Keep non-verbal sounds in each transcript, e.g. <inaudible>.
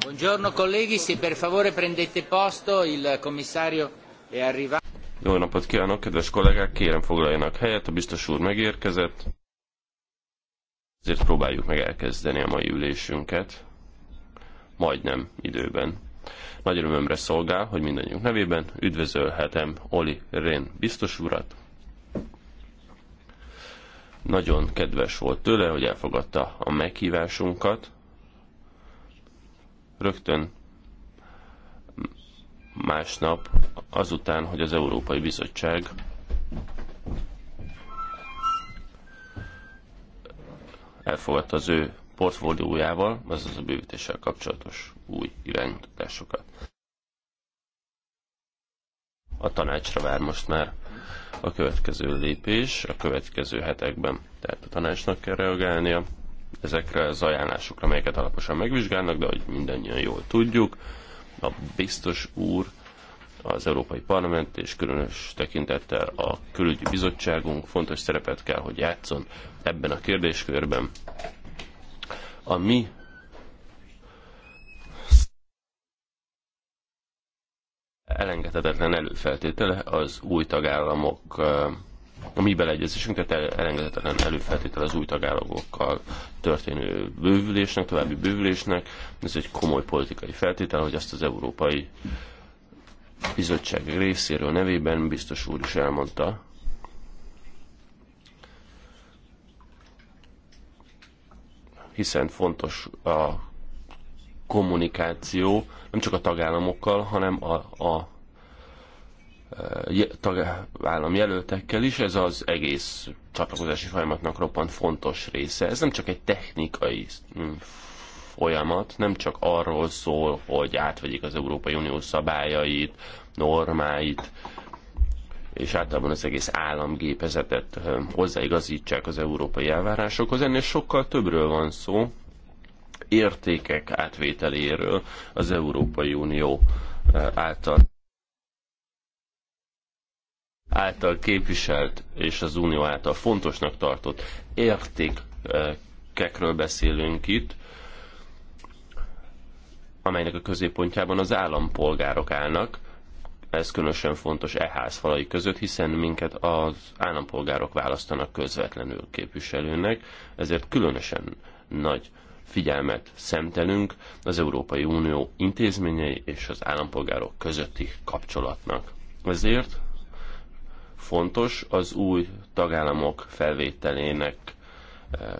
Buongiorno colleghi, se per favore prendete posto, il commissario è arrivato. Jó napot kívánok, kedves kollégák, kérem foglaljanak helyet, a biztos úr megérkezett. Ezért próbáljuk meg elkezdeni a mai ülésünket. Majdnem időben. Nagy örömömre szolgál, hogy mindannyiunk nevében üdvözölhetem Oli Rén biztos urat, nagyon kedves volt tőle, hogy elfogadta a meghívásunkat. Rögtön másnap, azután, hogy az Európai Bizottság elfogadta az ő portfóliójával, azaz a bővítéssel kapcsolatos új irányításokat. A tanácsra vár most már a következő lépés a következő hetekben. Tehát a tanácsnak kell reagálnia ezekre az ajánlásokra, melyeket alaposan megvizsgálnak, de ahogy mindannyian jól tudjuk, a biztos úr az Európai Parlament és különös tekintettel a külügyi bizottságunk fontos szerepet kell, hogy játszon ebben a kérdéskörben. A mi elengedhetetlen előfeltétele az új tagállamok, eh, a mi beleegyezésünk, tehát elengedhetetlen előfeltétele az új tagállamokkal történő bővülésnek, további bővülésnek. Ez egy komoly politikai feltétel, hogy azt az Európai Bizottság részéről nevében biztos úr is elmondta, hiszen fontos a kommunikáció nem csak a tagállamokkal, hanem a, a e, tagállam jelöltekkel is, ez az egész csatlakozási folyamatnak roppant fontos része. Ez nem csak egy technikai folyamat, nem csak arról szól, hogy átvegyik az Európai Unió szabályait, normáit, és általában az egész államgépezetet e, hozzáigazítsák az európai elvárásokhoz. Ennél sokkal többről van szó, értékek átvételéről az Európai Unió eh, által által képviselt és az Unió által fontosnak tartott értékekről beszélünk itt, amelynek a középpontjában az állampolgárok állnak. Ez különösen fontos e ház falai között, hiszen minket az állampolgárok választanak közvetlenül képviselőnek, ezért különösen nagy figyelmet szentelünk az Európai Unió intézményei és az állampolgárok közötti kapcsolatnak. Ezért fontos az új tagállamok felvételének eh,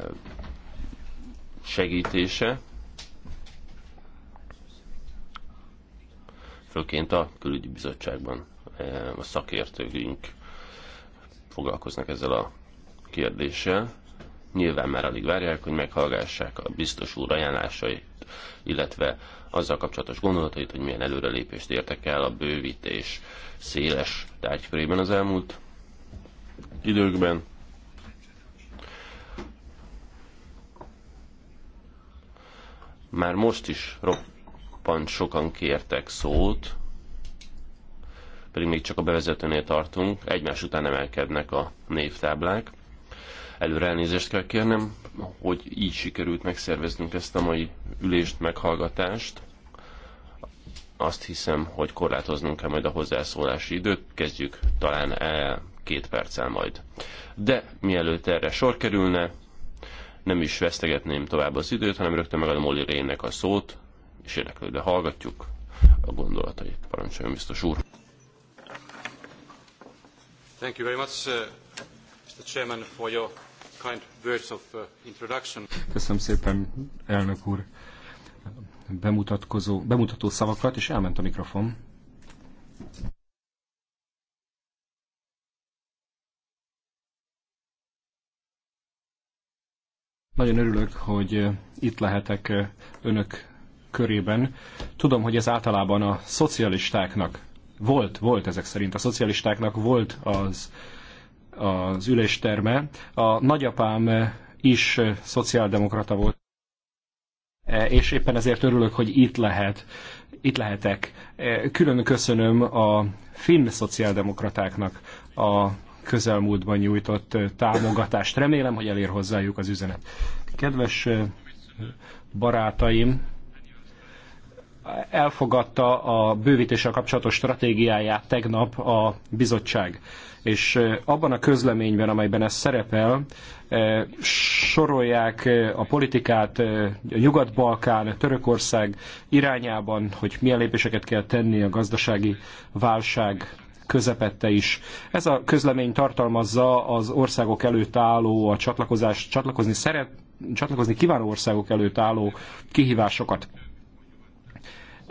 segítése, főként a külügyi bizottságban eh, a szakértőink foglalkoznak ezzel a kérdéssel. Nyilván már alig várják, hogy meghallgassák a biztos úr ajánlásait, illetve azzal kapcsolatos gondolatait, hogy milyen előrelépést értek el a bővítés széles tárgyfőjében az elmúlt időkben. Már most is roppant sokan kértek szót, pedig még csak a bevezetőnél tartunk, egymás után emelkednek a névtáblák. Előre elnézést kell kérnem, hogy így sikerült megszerveznünk ezt a mai ülést, meghallgatást. Azt hiszem, hogy korlátoznunk kell majd a hozzászólási időt. Kezdjük talán el két perccel majd. De mielőtt erre sor kerülne, nem is vesztegetném tovább az időt, hanem rögtön megadom Oli Rénnek a szót, és érdeklődve hallgatjuk a gondolatait. Parancsoljon, biztos úr! Thank you very much, uh, Mr. Chairman, for your Uh, Köszönöm szépen, elnök úr, bemutatkozó, bemutató szavakat, és elment a mikrofon. Nagyon örülök, hogy uh, itt lehetek uh, önök körében. Tudom, hogy ez általában a szocialistáknak volt, volt ezek szerint, a szocialistáknak volt az az ülésterme. A nagyapám is szociáldemokrata volt, e, és éppen ezért örülök, hogy itt lehet itt lehetek. E, külön köszönöm a finn szociáldemokratáknak a közelmúltban nyújtott támogatást. Remélem, hogy elér hozzájuk az üzenet. Kedves e, barátaim, elfogadta a bővítéssel kapcsolatos stratégiáját tegnap a bizottság. És abban a közleményben, amelyben ez szerepel, sorolják a politikát a Nyugat-Balkán, Törökország irányában, hogy milyen lépéseket kell tenni a gazdasági válság közepette is. Ez a közlemény tartalmazza az országok előtt álló, a csatlakozás, csatlakozni szeret, csatlakozni kívánó országok előtt álló kihívásokat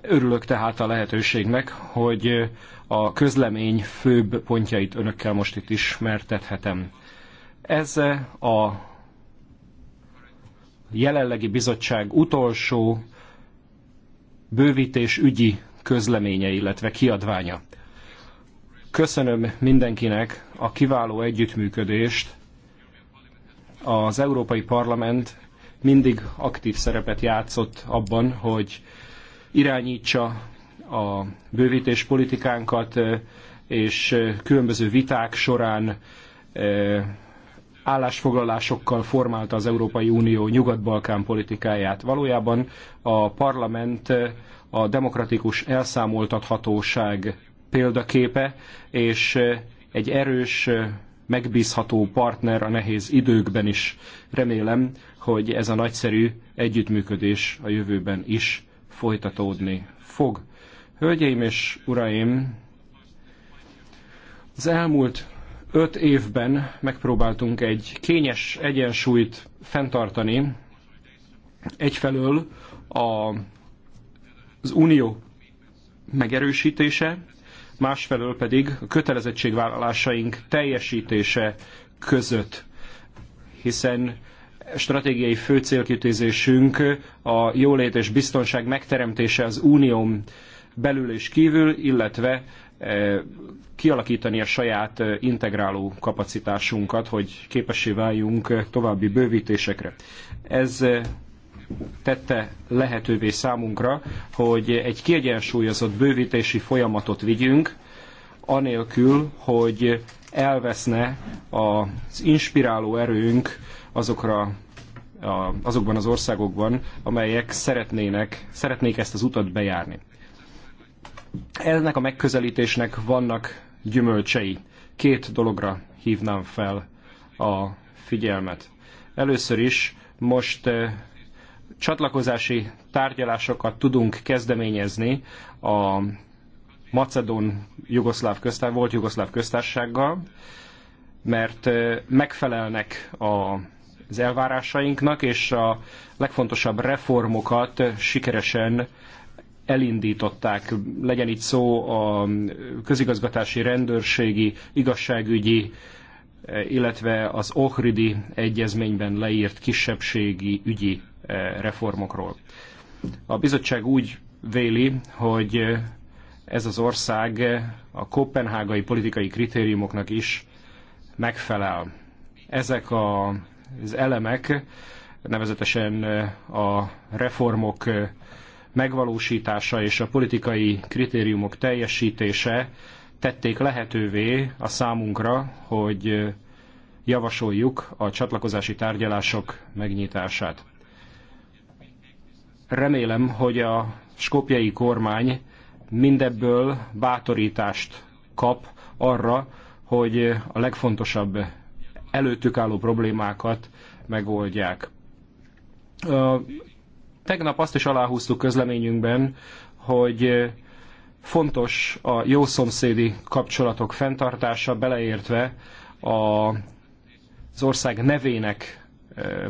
Örülök tehát a lehetőségnek, hogy a közlemény főbb pontjait önökkel most itt ismertethetem. Ez a jelenlegi bizottság utolsó bővítés ügyi közleménye, illetve kiadványa. Köszönöm mindenkinek a kiváló együttműködést. Az Európai Parlament mindig aktív szerepet játszott abban, hogy irányítsa a bővítés politikánkat, és különböző viták során állásfoglalásokkal formálta az Európai Unió nyugat-balkán politikáját. Valójában a parlament a demokratikus elszámoltathatóság példaképe, és egy erős, megbízható partner a nehéz időkben is. Remélem, hogy ez a nagyszerű együttműködés a jövőben is folytatódni fog. Hölgyeim és uraim, az elmúlt öt évben megpróbáltunk egy kényes egyensúlyt fenntartani. Egyfelől a, az unió megerősítése, másfelől pedig a kötelezettségvállalásaink teljesítése között, hiszen stratégiai fő célkitűzésünk a jólét és biztonság megteremtése az unión belül és kívül, illetve eh, kialakítani a saját eh, integráló kapacitásunkat, hogy képessé váljunk eh, további bővítésekre. Ez tette lehetővé számunkra, hogy egy kiegyensúlyozott bővítési folyamatot vigyünk, anélkül, hogy elveszne az inspiráló erőnk azokra a, azokban az országokban, amelyek szeretnének, szeretnék ezt az utat bejárni. Ennek a megközelítésnek vannak gyümölcsei. Két dologra hívnám fel a figyelmet. Először is most eh, csatlakozási tárgyalásokat tudunk kezdeményezni a Macedón jugoszláv köztár, volt jugoszláv köztársággal, mert eh, megfelelnek a az elvárásainknak, és a legfontosabb reformokat sikeresen elindították. Legyen itt szó a közigazgatási, rendőrségi, igazságügyi, illetve az Ohridi egyezményben leírt kisebbségi ügyi eh, reformokról. A bizottság úgy véli, hogy ez az ország a kopenhágai politikai kritériumoknak is megfelel. Ezek a az elemek, nevezetesen eh, a reformok eh, megvalósítása és a politikai kritériumok teljesítése tették lehetővé a számunkra, hogy eh, javasoljuk a csatlakozási tárgyalások megnyitását. Remélem, hogy a skopjai kormány mindebből bátorítást kap arra, hogy a legfontosabb előttük álló problémákat megoldják. Tegnap azt is aláhúztuk közleményünkben, hogy fontos a jó szomszédi kapcsolatok fenntartása, beleértve a, az ország nevének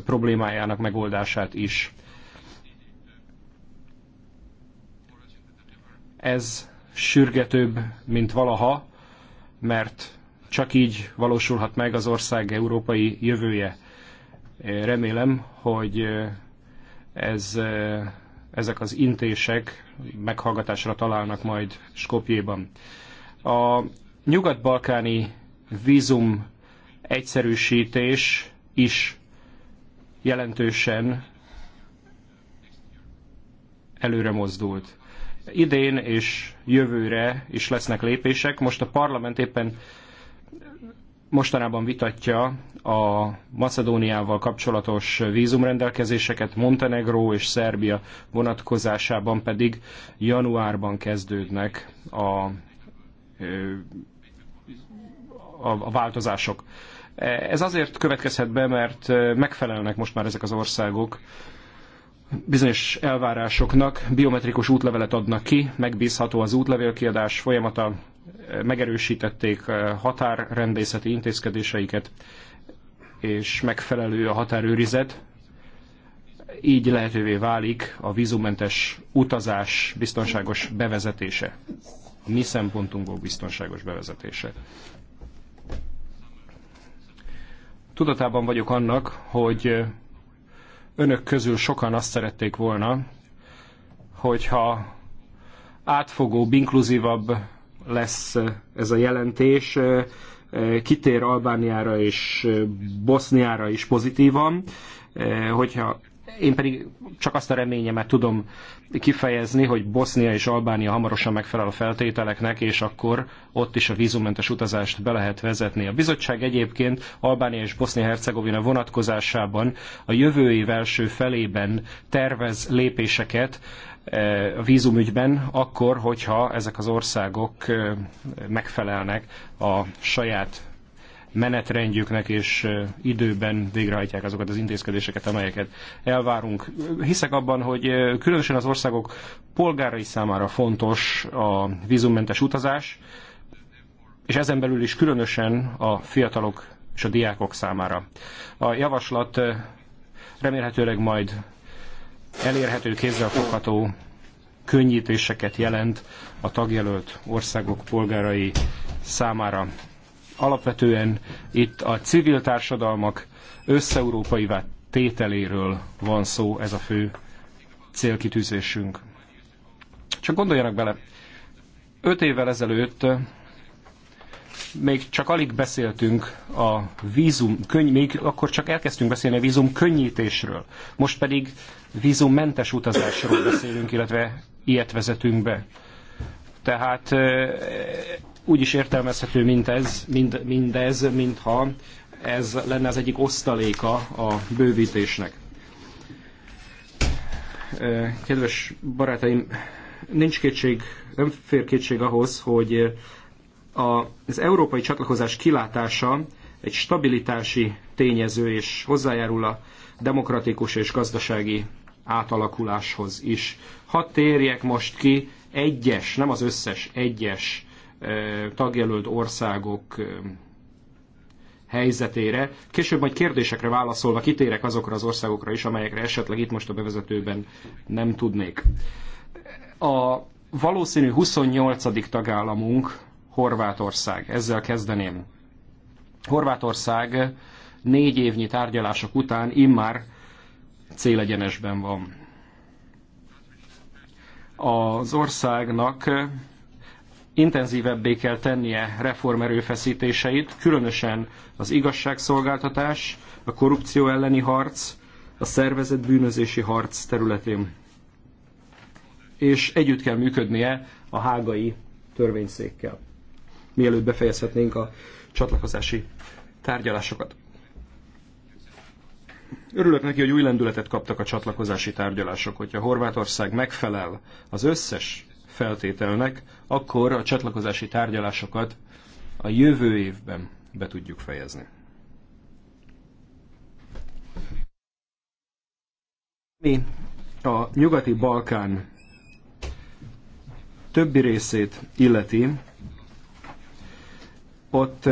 problémájának megoldását is. Ez sürgetőbb, mint valaha, mert csak így valósulhat meg az ország európai jövője. Remélem, hogy ez, ezek az intések meghallgatásra találnak majd Skopjéban. A nyugat-balkáni vízum egyszerűsítés is jelentősen előre mozdult. Idén és jövőre is lesznek lépések. Most a parlament éppen mostanában vitatja a Macedóniával kapcsolatos vízumrendelkezéseket, Montenegró és Szerbia vonatkozásában pedig januárban kezdődnek a, a, a változások. Ez azért következhet be, mert megfelelnek most már ezek az országok bizonyos elvárásoknak, biometrikus útlevelet adnak ki, megbízható az útlevélkiadás folyamata, megerősítették eh, határrendészeti intézkedéseiket, és megfelelő a határőrizet, így lehetővé válik a vízumentes utazás biztonságos bevezetése. A mi szempontunkból biztonságos bevezetése. Tudatában vagyok annak, hogy eh, önök közül sokan azt szerették volna, hogyha átfogóbb, inkluzívabb lesz ez a jelentés, kitér Albániára és Boszniára is pozitívan, hogyha én pedig csak azt a reményemet tudom kifejezni, hogy Bosznia és Albánia hamarosan megfelel a feltételeknek, és akkor ott is a vízumentes utazást be lehet vezetni. A bizottság egyébként Albánia és Bosznia-Hercegovina vonatkozásában a jövő év első felében tervez lépéseket E, a vízumügyben, akkor, hogyha ezek az országok e, megfelelnek a saját menetrendjüknek, és e, időben végrehajtják azokat az intézkedéseket, amelyeket elvárunk. Hiszek abban, hogy különösen az országok polgárai számára fontos a vízummentes utazás, és ezen belül is különösen a fiatalok és a diákok számára. A javaslat remélhetőleg majd elérhető, kézzelfogható könnyítéseket jelent a tagjelölt országok polgárai számára. Alapvetően itt a civil társadalmak összeurópaivá tételéről van szó, ez a fő célkitűzésünk. Csak gondoljanak bele, öt évvel ezelőtt még csak alig beszéltünk a vízum, könny, még akkor csak elkezdtünk beszélni a vízum könnyítésről. Most pedig vízummentes utazásról beszélünk, illetve ilyet vezetünk be. Tehát úgy is értelmezhető, mint ez, mind, mindez, mintha ez lenne az egyik osztaléka a bővítésnek. Kedves barátaim, nincs kétség, nem fér kétség ahhoz, hogy az európai csatlakozás kilátása egy stabilitási tényező és hozzájárul a demokratikus és gazdasági átalakuláshoz is. Hadd térjek most ki egyes, nem az összes, egyes tagjelölt országok helyzetére. Később majd kérdésekre válaszolva kitérek azokra az országokra is, amelyekre esetleg itt most a bevezetőben nem tudnék. A valószínű 28. tagállamunk Horvátország. Ezzel kezdeném. Horvátország négy évnyi tárgyalások után immár célegyenesben van. Az országnak intenzívebbé kell tennie reformerőfeszítéseit, különösen az igazságszolgáltatás, a korrupció elleni harc, a szervezett bűnözési harc területén. És együtt kell működnie a hágai törvényszékkel mielőtt befejezhetnénk a csatlakozási tárgyalásokat. Örülök neki, hogy új lendületet kaptak a csatlakozási tárgyalások. Hogyha Horvátország megfelel az összes feltételnek, akkor a csatlakozási tárgyalásokat a jövő évben be tudjuk fejezni. Mi a nyugati Balkán többi részét illeti, ott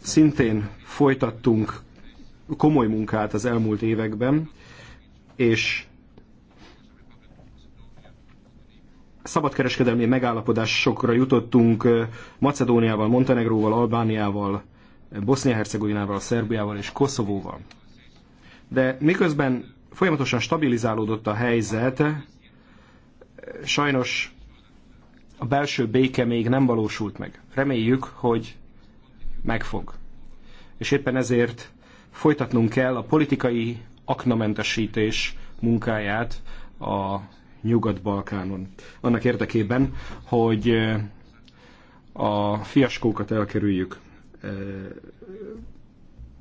szintén folytattunk komoly munkát az elmúlt években, és szabadkereskedelmi megállapodásokra jutottunk Macedóniával, Montenegróval, Albániával, Bosznia-Hercegovinával, Szerbiával és Koszovóval. De miközben folyamatosan stabilizálódott a helyzet, sajnos a belső béke még nem valósult meg. Reméljük, hogy megfog. És éppen ezért folytatnunk kell a politikai aknamentesítés munkáját a Nyugat-Balkánon. Annak érdekében, hogy eh, a fiaskókat elkerüljük. Eh,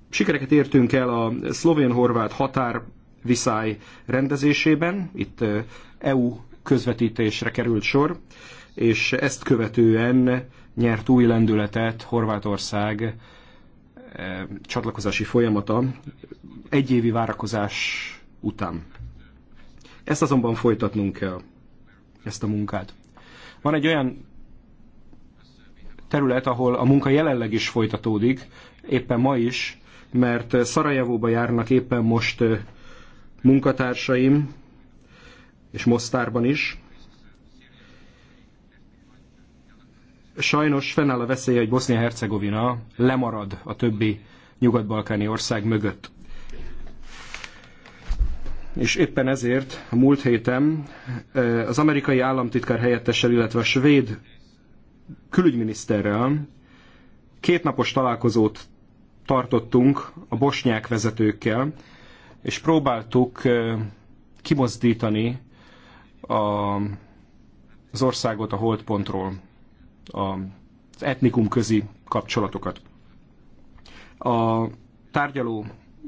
sikereket értünk el a szlovén-horvát határ viszály rendezésében, itt eh, EU közvetítésre került sor és ezt követően nyert új lendületet Horvátország eh, csatlakozási folyamata egyévi várakozás után. Ezt azonban folytatnunk kell, ezt a munkát. Van egy olyan terület, ahol a munka jelenleg is folytatódik, éppen ma is, mert Szarajevóba járnak éppen most eh, munkatársaim, és Mosztárban is, Sajnos fennáll a veszélye, hogy Bosznia-Hercegovina lemarad a többi nyugat-balkáni ország mögött. És éppen ezért a múlt héten az amerikai államtitkár helyettessel, illetve a svéd külügyminiszterrel kétnapos találkozót tartottunk a bosnyák vezetőkkel, és próbáltuk kimozdítani a, az országot a holdpontról az etnikum közi kapcsolatokat. A tárgyaló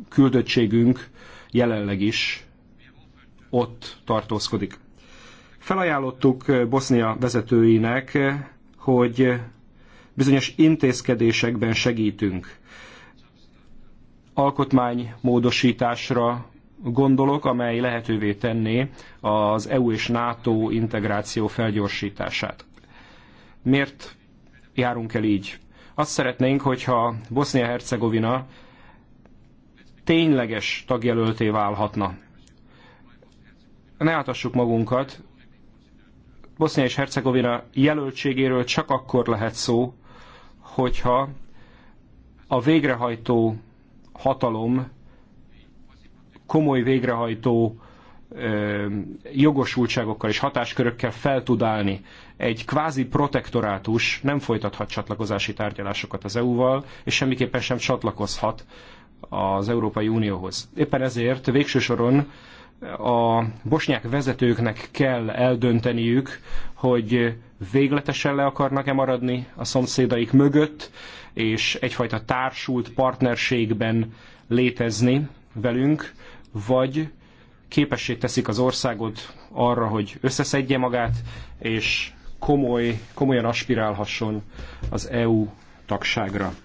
küldöttségünk jelenleg is ott tartózkodik. Felajánlottuk Bosznia vezetőinek, hogy bizonyos intézkedésekben segítünk. Alkotmánymódosításra gondolok, amely lehetővé tenné az EU és NATO integráció felgyorsítását. Miért járunk el így? Azt szeretnénk, hogyha Bosznia-Hercegovina tényleges tagjelölté válhatna. Ne átassuk magunkat, Bosznia és Hercegovina jelöltségéről csak akkor lehet szó, hogyha a végrehajtó hatalom komoly végrehajtó jogosultságokkal és hatáskörökkel fel tud állni. Egy kvázi protektorátus nem folytathat csatlakozási tárgyalásokat az EU-val, és semmiképpen sem csatlakozhat az Európai Unióhoz. Éppen ezért végső soron a bosnyák vezetőknek kell eldönteniük, hogy végletesen le akarnak-e maradni a szomszédaik mögött, és egyfajta társult partnerségben létezni velünk, vagy képessé teszik az országot arra, hogy összeszedje magát, és komoly, komolyan aspirálhasson az EU tagságra.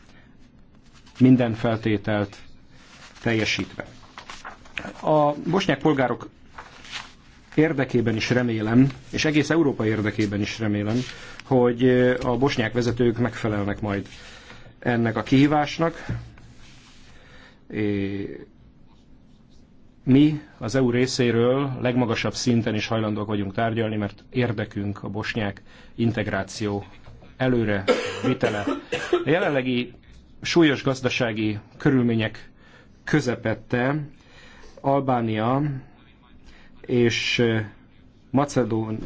Minden feltételt teljesítve. A bosnyák polgárok érdekében is remélem, és egész Európa érdekében is remélem, hogy a bosnyák vezetők megfelelnek majd ennek a kihívásnak, mi az EU részéről legmagasabb szinten is hajlandóak vagyunk tárgyalni, mert érdekünk a bosnyák integráció előre vitele. A jelenlegi súlyos gazdasági körülmények közepette Albánia és eh, Macedón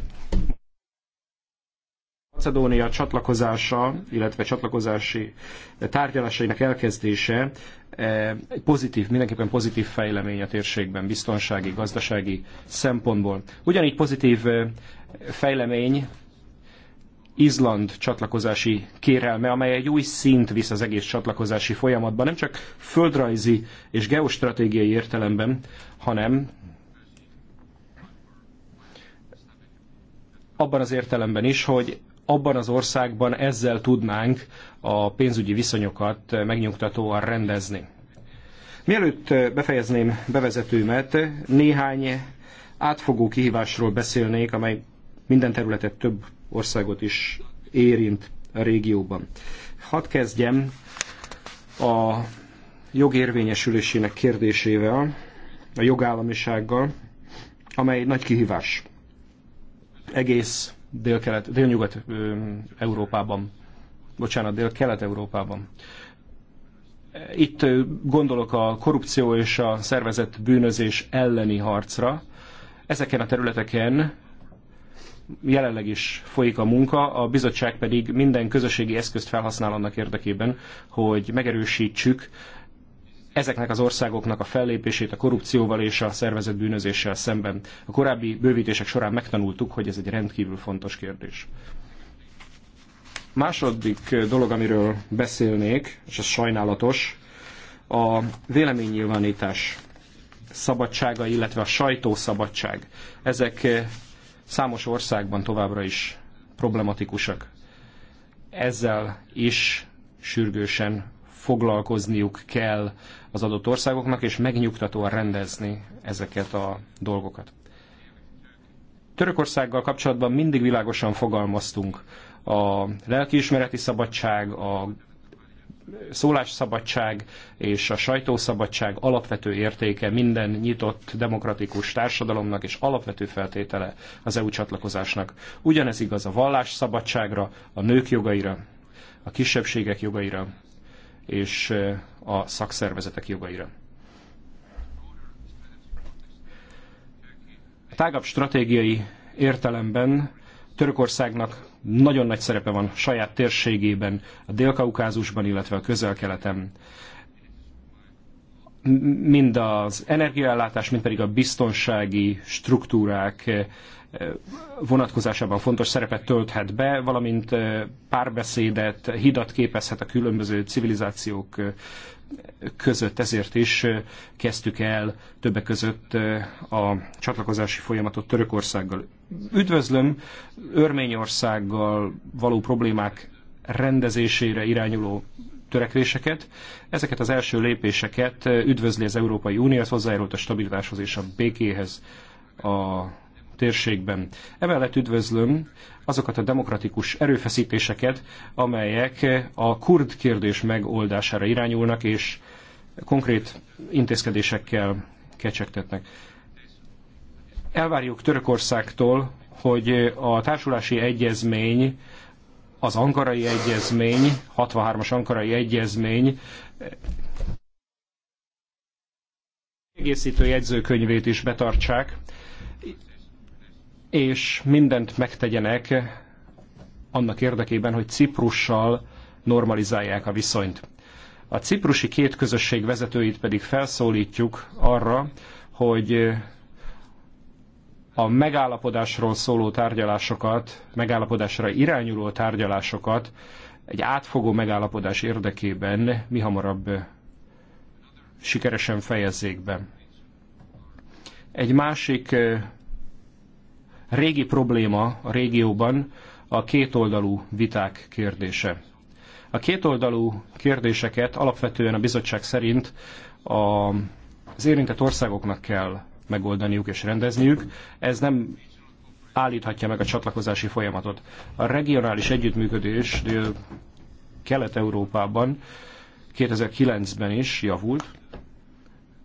Macedónia csatlakozása, illetve csatlakozási tárgyalásainak elkezdése Eh, pozitív, mindenképpen pozitív fejlemény a térségben, biztonsági, gazdasági szempontból. Ugyanígy pozitív eh, fejlemény Izland csatlakozási kérelme, amely egy új szint visz az egész csatlakozási folyamatban, nem csak földrajzi és geostratégiai értelemben, hanem abban az értelemben is, hogy abban az országban ezzel tudnánk a pénzügyi viszonyokat megnyugtatóan rendezni. Mielőtt befejezném bevezetőmet, néhány átfogó kihívásról beszélnék, amely minden területet több országot is érint a régióban. Hadd kezdjem a jogérvényesülésének kérdésével, a jogállamisággal, amely nagy kihívás. Egész dél-kelet, dél-nyugat Európában, bocsánat, dél-kelet Európában. Itt gondolok a korrupció és a szervezett bűnözés elleni harcra. Ezeken a területeken jelenleg is folyik a munka, a bizottság pedig minden közösségi eszközt felhasznál annak érdekében, hogy megerősítsük ezeknek az országoknak a fellépését a korrupcióval és a szervezett bűnözéssel szemben. A korábbi bővítések során megtanultuk, hogy ez egy rendkívül fontos kérdés. Második dolog, amiről beszélnék, és ez sajnálatos, a véleménynyilvánítás szabadsága, illetve a sajtószabadság. Ezek számos országban továbbra is problematikusak. Ezzel is sürgősen foglalkozniuk kell az adott országoknak, és megnyugtatóan rendezni ezeket a dolgokat. Törökországgal kapcsolatban mindig világosan fogalmaztunk. A lelkiismereti szabadság, a szólásszabadság és a sajtószabadság alapvető értéke minden nyitott demokratikus társadalomnak és alapvető feltétele az EU csatlakozásnak. Ugyanez igaz a vallásszabadságra, a nők jogaira, a kisebbségek jogaira és eh, a szakszervezetek jogaira. A tágabb stratégiai értelemben Törökországnak nagyon nagy szerepe van saját térségében, a Dél-Kaukázusban, illetve a közel-keleten. Mind az energiaellátás, mind pedig a biztonsági struktúrák eh, vonatkozásában fontos szerepet tölthet be, valamint párbeszédet, hidat képezhet a különböző civilizációk között. Ezért is kezdtük el többek között a csatlakozási folyamatot Törökországgal. Üdvözlöm Örményországgal való problémák rendezésére irányuló törekvéseket. Ezeket az első lépéseket üdvözli az Európai Unió, ez hozzájárult a stabilitáshoz és a békéhez a térségben. Emellett üdvözlöm azokat a demokratikus erőfeszítéseket, amelyek a kurd kérdés megoldására irányulnak, és konkrét intézkedésekkel kecsegtetnek. Elvárjuk Törökországtól, hogy a társulási egyezmény, az ankarai egyezmény, 63-as ankarai egyezmény egészítő jegyzőkönyvét is betartsák, és mindent megtegyenek annak érdekében, hogy Ciprussal normalizálják a viszonyt. A ciprusi két közösség vezetőit pedig felszólítjuk arra, hogy a megállapodásról szóló tárgyalásokat, megállapodásra irányuló tárgyalásokat egy átfogó megállapodás érdekében mi hamarabb sikeresen fejezzék be. Egy másik régi probléma a régióban a kétoldalú viták kérdése. A kétoldalú kérdéseket alapvetően a bizottság szerint a, az érintett országoknak kell megoldaniuk és rendezniük. Ez nem állíthatja meg a csatlakozási folyamatot. A regionális együttműködés Kelet-Európában 2009-ben is javult.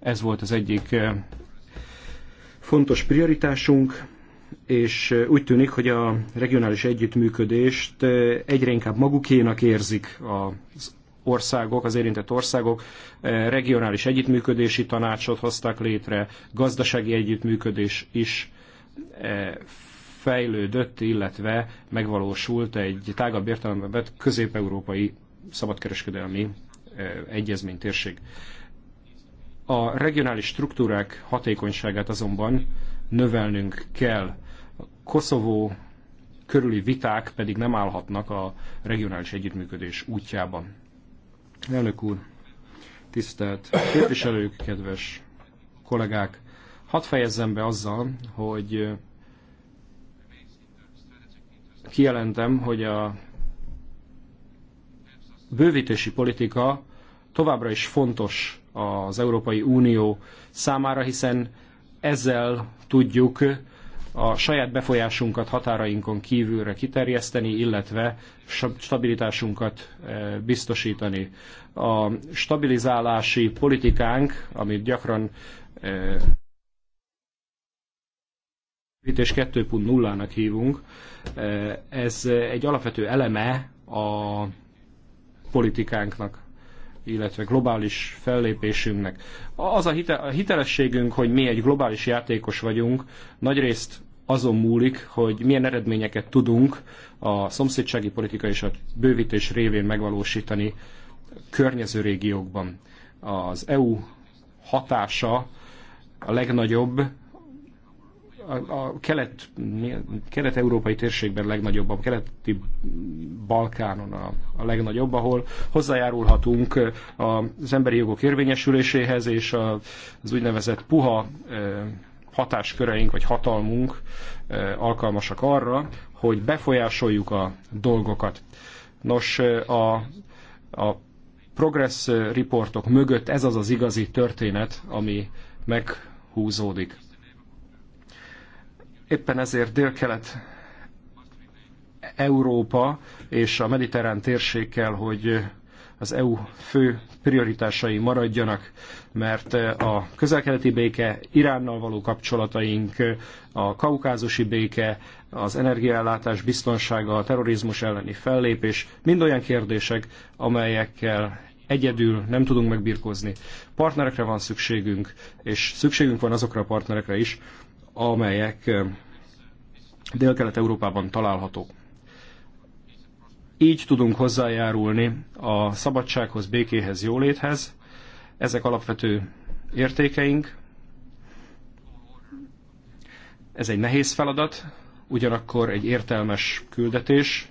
Ez volt az egyik eh, fontos prioritásunk és úgy tűnik, hogy a regionális együttműködést egyre inkább magukénak érzik az országok, az érintett országok regionális együttműködési tanácsot hozták létre, gazdasági együttműködés is fejlődött, illetve megvalósult egy tágabb értelemben vett közép-európai szabadkereskedelmi egyezménytérség. A regionális struktúrák hatékonyságát azonban növelnünk kell. Koszovó körüli viták pedig nem állhatnak a regionális együttműködés útjában. Elnök úr, tisztelt képviselők, kedves kollégák, hadd fejezzem be azzal, hogy kijelentem, hogy a bővítési politika továbbra is fontos az Európai Unió számára, hiszen ezzel tudjuk a saját befolyásunkat határainkon kívülre kiterjeszteni, illetve stabilitásunkat eh, biztosítani. A stabilizálási politikánk, amit gyakran és eh, 2.0-nak hívunk, eh, ez egy alapvető eleme a politikánknak illetve globális fellépésünknek. Az a, hite, a hitelességünk, hogy mi egy globális játékos vagyunk, nagyrészt azon múlik, hogy milyen eredményeket tudunk a szomszédsági politika és a bővítés révén megvalósítani környező régiókban. Az EU hatása a legnagyobb, a, kelet, kelet-európai térségben legnagyobb, a keleti Balkánon a, a legnagyobb, ahol hozzájárulhatunk az emberi jogok érvényesüléséhez és az úgynevezett puha hatásköreink vagy hatalmunk alkalmasak arra, hogy befolyásoljuk a dolgokat. Nos, a, a progress reportok mögött ez az az igazi történet, ami meghúzódik. Éppen ezért délkelet Európa és a mediterrán térség kell, hogy az EU fő prioritásai maradjanak, mert eh, a közelkeleti béke, Iránnal való kapcsolataink, eh, a kaukázusi béke, az energiállátás biztonsága, a terrorizmus elleni fellépés, mind olyan kérdések, amelyekkel egyedül nem tudunk megbirkózni. Partnerekre van szükségünk, és szükségünk van azokra a partnerekre is, amelyek eh, Dél-Kelet-Európában találhatók. Így tudunk hozzájárulni a szabadsághoz, békéhez, jóléthez. Ezek alapvető értékeink. Ez egy nehéz feladat, ugyanakkor egy értelmes küldetés,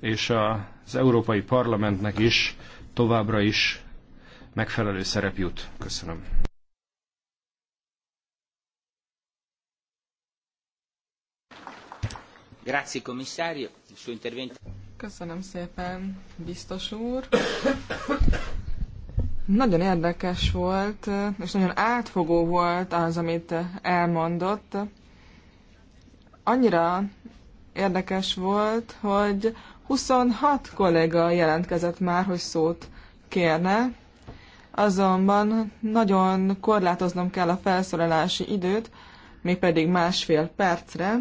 és az Európai Parlamentnek is továbbra is megfelelő szerep jut. Köszönöm. Grazie commissario, il suo intervento. Köszönöm szépen, biztos úr. Nagyon érdekes volt, és nagyon átfogó volt az, amit elmondott. Annyira érdekes volt, hogy 26 kollega jelentkezett már, hogy szót kérne, azonban nagyon korlátoznom kell a felszólalási időt, mégpedig másfél percre,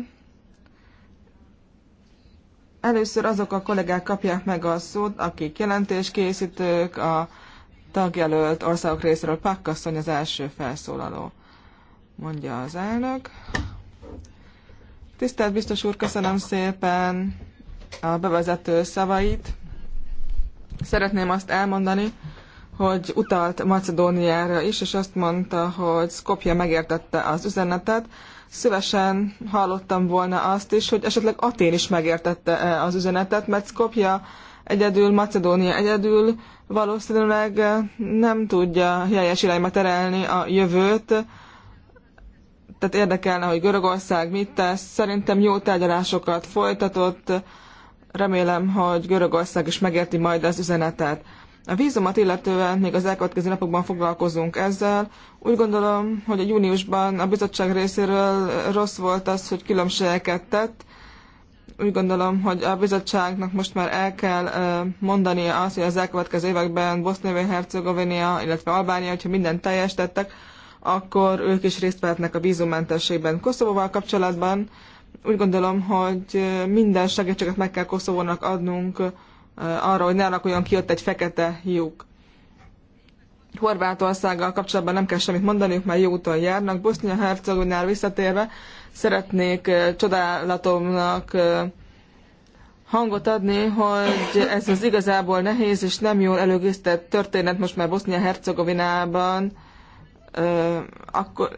Először azok a kollégák kapják meg a szót, akik jelentéskészítők, a tagjelölt országok részéről. Pakkasszony az első felszólaló, mondja az elnök. Tisztelt biztos úr, köszönöm szépen a bevezető szavait. Szeretném azt elmondani, hogy utalt Macedóniára is, és azt mondta, hogy Skopje megértette az üzenetet, szívesen hallottam volna azt is, hogy esetleg Atén is megértette -e az üzenetet, mert Skopja egyedül, Macedónia egyedül valószínűleg eh, nem tudja helyes irányba terelni a jövőt, tehát érdekelne, hogy Görögország mit tesz. Szerintem jó tárgyalásokat folytatott, remélem, hogy Görögország is megérti majd az üzenetet. A vízumot illetően még az elkövetkező napokban foglalkozunk ezzel. Úgy gondolom, hogy a júniusban a bizottság részéről rossz volt az, hogy különbségeket tett. Úgy gondolom, hogy a bizottságnak most már el kell mondania azt, hogy az elkövetkező években Bosznia-Hercegovina, illetve Albánia, hogyha mindent teljes tettek, akkor ők is részt vehetnek a vízummentességben. Koszovóval kapcsolatban úgy gondolom, hogy minden segítséget meg kell Koszovónak adnunk arra, hogy ne alakuljon ki ott egy fekete lyuk. Horvátországgal kapcsolatban nem kell semmit mondaniuk, mert jó úton járnak. Bosznia-Hercegovinál visszatérve szeretnék csodálatomnak hangot adni, hogy ez az igazából nehéz és nem jól előkészített történet most már Bosznia-Hercegovinában, akkor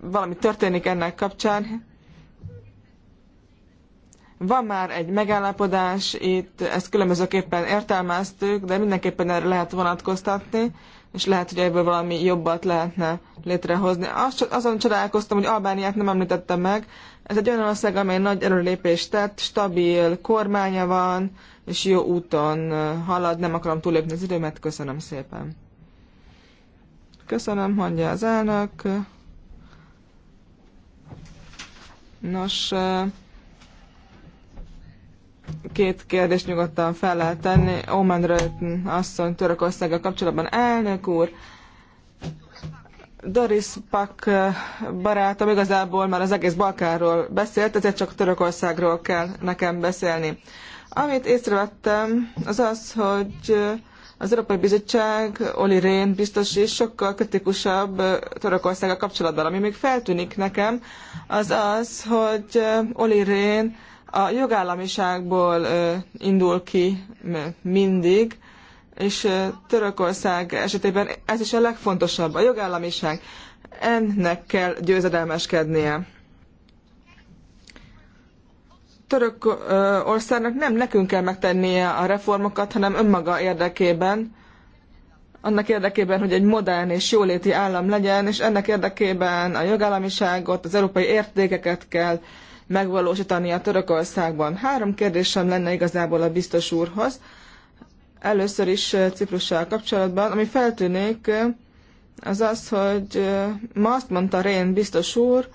valami történik ennek kapcsán. Van már egy megállapodás, itt ezt különbözőképpen értelmeztük, de mindenképpen erre lehet vonatkoztatni, és lehet, hogy ebből valami jobbat lehetne létrehozni. Azt, azon csodálkoztam, hogy Albániát nem említettem meg. Ez egy olyan ország, amely nagy előlépést tett, stabil kormánya van, és jó úton halad. Nem akarom túlépni az időmet, köszönöm szépen. Köszönöm, mondja az elnök. Nos, két kérdést nyugodtan fel lehet tenni. Oman Röten asszony Törökországgal kapcsolatban elnök úr. Doris Pak eh, barátom igazából már az egész Balkánról beszélt, ezért csak Törökországról kell nekem beszélni. Amit észrevettem, az az, hogy eh, az Európai Bizottság, Oli Rén biztos is sokkal kritikusabb eh, Törökországgal kapcsolatban. Ami még feltűnik nekem, az az, hogy Oli Rén a jogállamiságból indul ki mindig, és Törökország esetében ez is a legfontosabb, a jogállamiság. Ennek kell győzedelmeskednie. Törökországnak nem nekünk kell megtennie a reformokat, hanem önmaga érdekében, annak érdekében, hogy egy modern és jóléti állam legyen, és ennek érdekében a jogállamiságot, az európai értékeket kell uh, megvalósítani a Törökországban. Három kérdésem lenne igazából a biztos úrhoz. Először is Ciprussal kapcsolatban, ami feltűnik, az az, hogy ma azt mondta Rén biztos úr,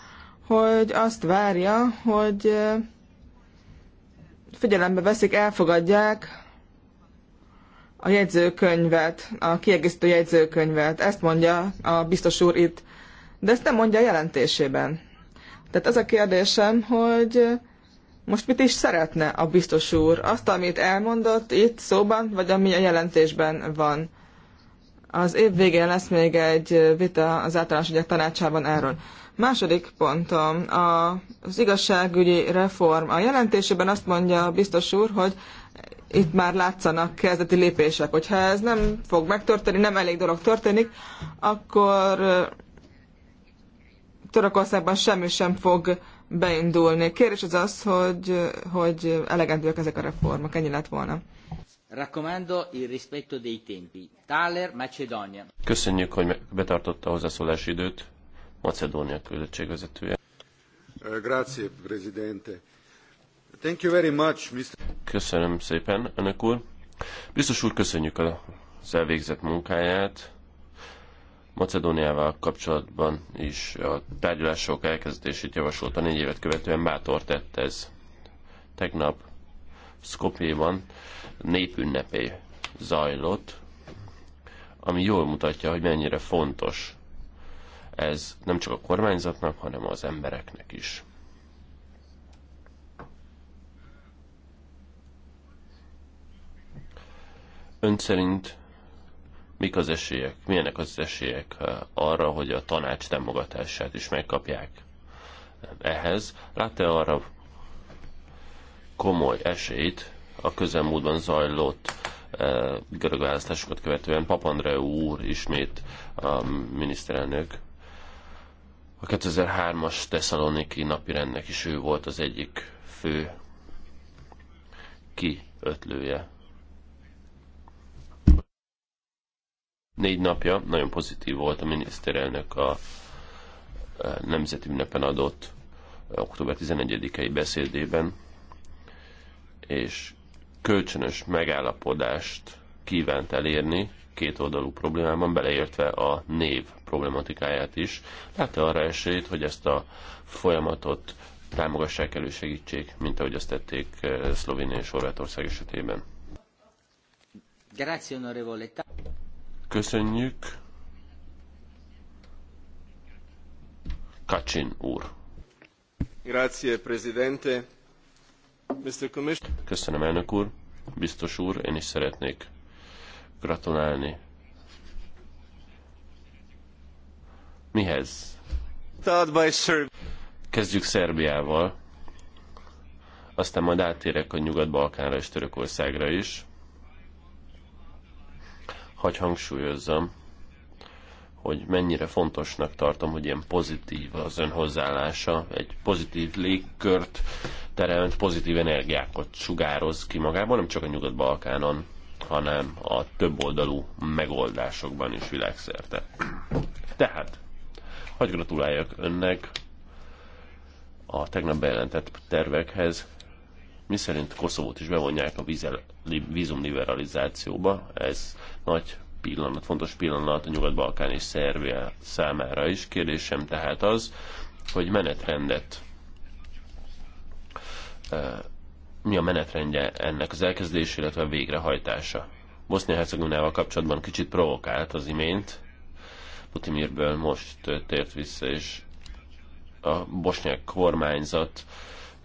hogy azt várja, hogy figyelembe veszik, elfogadják a jegyzőkönyvet, a kiegészítő jegyzőkönyvet. Ezt mondja a biztos úr itt. De ezt nem mondja a jelentésében. Tehát az a kérdésem, hogy most mit is szeretne a biztos úr? Azt, amit elmondott itt szóban, vagy ami a jelentésben van? Az év végén lesz még egy vita az általános ügyek tanácsában erről. Második pontom, az igazságügyi reform. A jelentésében azt mondja a biztos úr, hogy itt már látszanak kezdeti lépések. Hogyha ez nem fog megtörténni, nem elég dolog történik, akkor Törökországban semmi sem fog beindulni. Kérdés az az, hogy, hogy elegendőek ezek a reformok. Ennyi lett volna. Raccomando il rispetto dei tempi. Thaler, Macedonia. Köszönjük, hogy betartotta a hozzászólási időt. Macedónia küldöttségvezetője. Eh, grazie, Presidente. Thank you very much, Mr. Köszönöm szépen, Önök úr. Biztos úr, köszönjük az elvégzett munkáját Macedóniával kapcsolatban is a tárgyalások elkezdését javasolta négy évet követően bátor tett ez. Tegnap Skopjéban népünnepé zajlott, ami jól mutatja, hogy mennyire fontos ez nem csak a kormányzatnak, hanem az embereknek is. Ön szerint Mik az esélyek, milyenek az esélyek eh, arra, hogy a tanács támogatását is megkapják ehhez? Lát-e arra komoly esélyt a közelmúltban zajlott eh, görög választásokat követően Papandreou úr ismét a miniszterelnök a 2003-as Tesszaloniki napirendnek is ő volt az egyik fő kiötlője. négy napja nagyon pozitív volt a miniszterelnök a e, nemzeti ünnepen adott e, október 11-i beszédében, és kölcsönös megállapodást kívánt elérni két oldalú problémában, beleértve a név problematikáját is. Látta arra esélyt, hogy ezt a folyamatot támogassák, elősegítsék, mint ahogy azt tették e, Szlovénia és Horvátország esetében. Köszönjük. Kacsin úr. Grazie, Presidente. Mr. Köszönöm, elnök úr. Biztos úr, én is szeretnék gratulálni. Mihez? Kezdjük Szerbiával, aztán majd átérek a Nyugat-Balkánra és Törökországra is. Hagy hangsúlyozzam, hogy mennyire fontosnak tartom, hogy ilyen pozitív az ön hozzáállása, egy pozitív légkört teremt, pozitív energiákat sugároz ki magában, nem csak a Nyugat-Balkánon, hanem a több oldalú megoldásokban is világszerte. Tehát, hagy gratuláljak önnek a tegnap bejelentett tervekhez, mi szerint Koszovót is bevonják a vízumliberalizációba. Ez nagy pillanat, fontos pillanat a Nyugat-Balkán és Szerbia számára is. Kérdésem tehát az, hogy menetrendet e, mi a menetrendje ennek az elkezdés, illetve a végrehajtása. Bosznia-Hercegovinával kapcsolatban kicsit provokált az imént. Putimirből most tért vissza, és a bosnyák kormányzat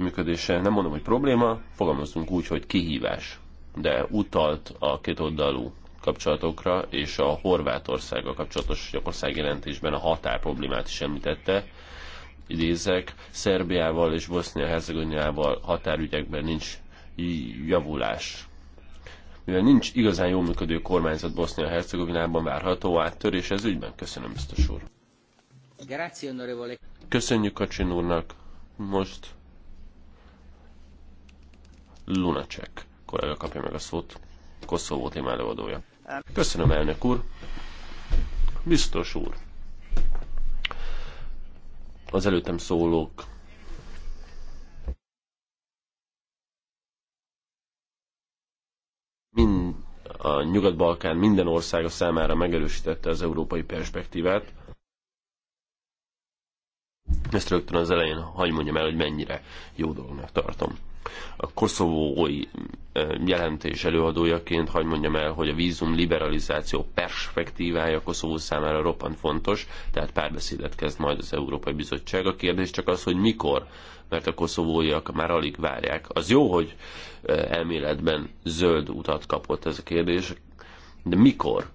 együttműködése nem mondom, hogy probléma, fogalmazunk úgy, hogy kihívás, de utalt a kétoldalú kapcsolatokra, és a Horvátországgal kapcsolatos gyakorság jelentésben a határ problémát is említette. Idézek, Szerbiával és Bosznia-Hercegovinával határügyekben nincs javulás. Mivel nincs igazán jól működő kormányzat Bosznia-Hercegovinában, várható áttörés ez ügyben? Köszönöm, biztos úr. Köszönjük Kacsin úrnak. Most Lunacek kollega kapja meg a szót, Koszovó téma előadója. Köszönöm, elnök úr. Biztos úr. Az előttem szólók mind a Nyugat-Balkán minden országa számára megerősítette az európai perspektívát. Ezt rögtön az elején hagy mondjam el, hogy mennyire jó dolognak tartom a koszovói jelentés előadójaként hagy mondjam el, hogy a vízum liberalizáció perspektívája Koszovó számára roppant fontos, tehát párbeszédet kezd majd az Európai Bizottság. A kérdés csak az, hogy mikor, mert a koszovóiak már alig várják. Az jó, hogy elméletben zöld utat kapott ez a kérdés, de mikor?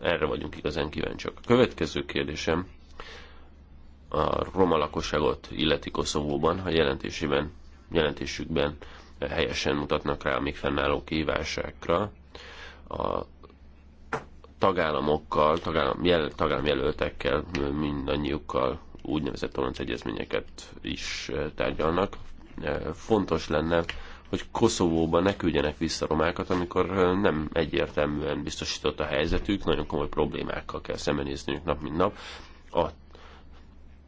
Erre vagyunk igazán kíváncsiak. A következő kérdésem a roma lakosságot illeti Koszovóban, a jelentésében jelentésükben helyesen mutatnak rá a még fennálló kihívásokra. A tagállamokkal, tagállam, jel, tagállam jelöltekkel, mindannyiukkal úgynevezett tolonc egyezményeket is eh, tárgyalnak. Eh, fontos lenne, hogy Koszovóba ne küldjenek vissza romákat, amikor eh, nem egyértelműen biztosított a helyzetük, nagyon komoly problémákkal kell szembenézniük nap mint nap. A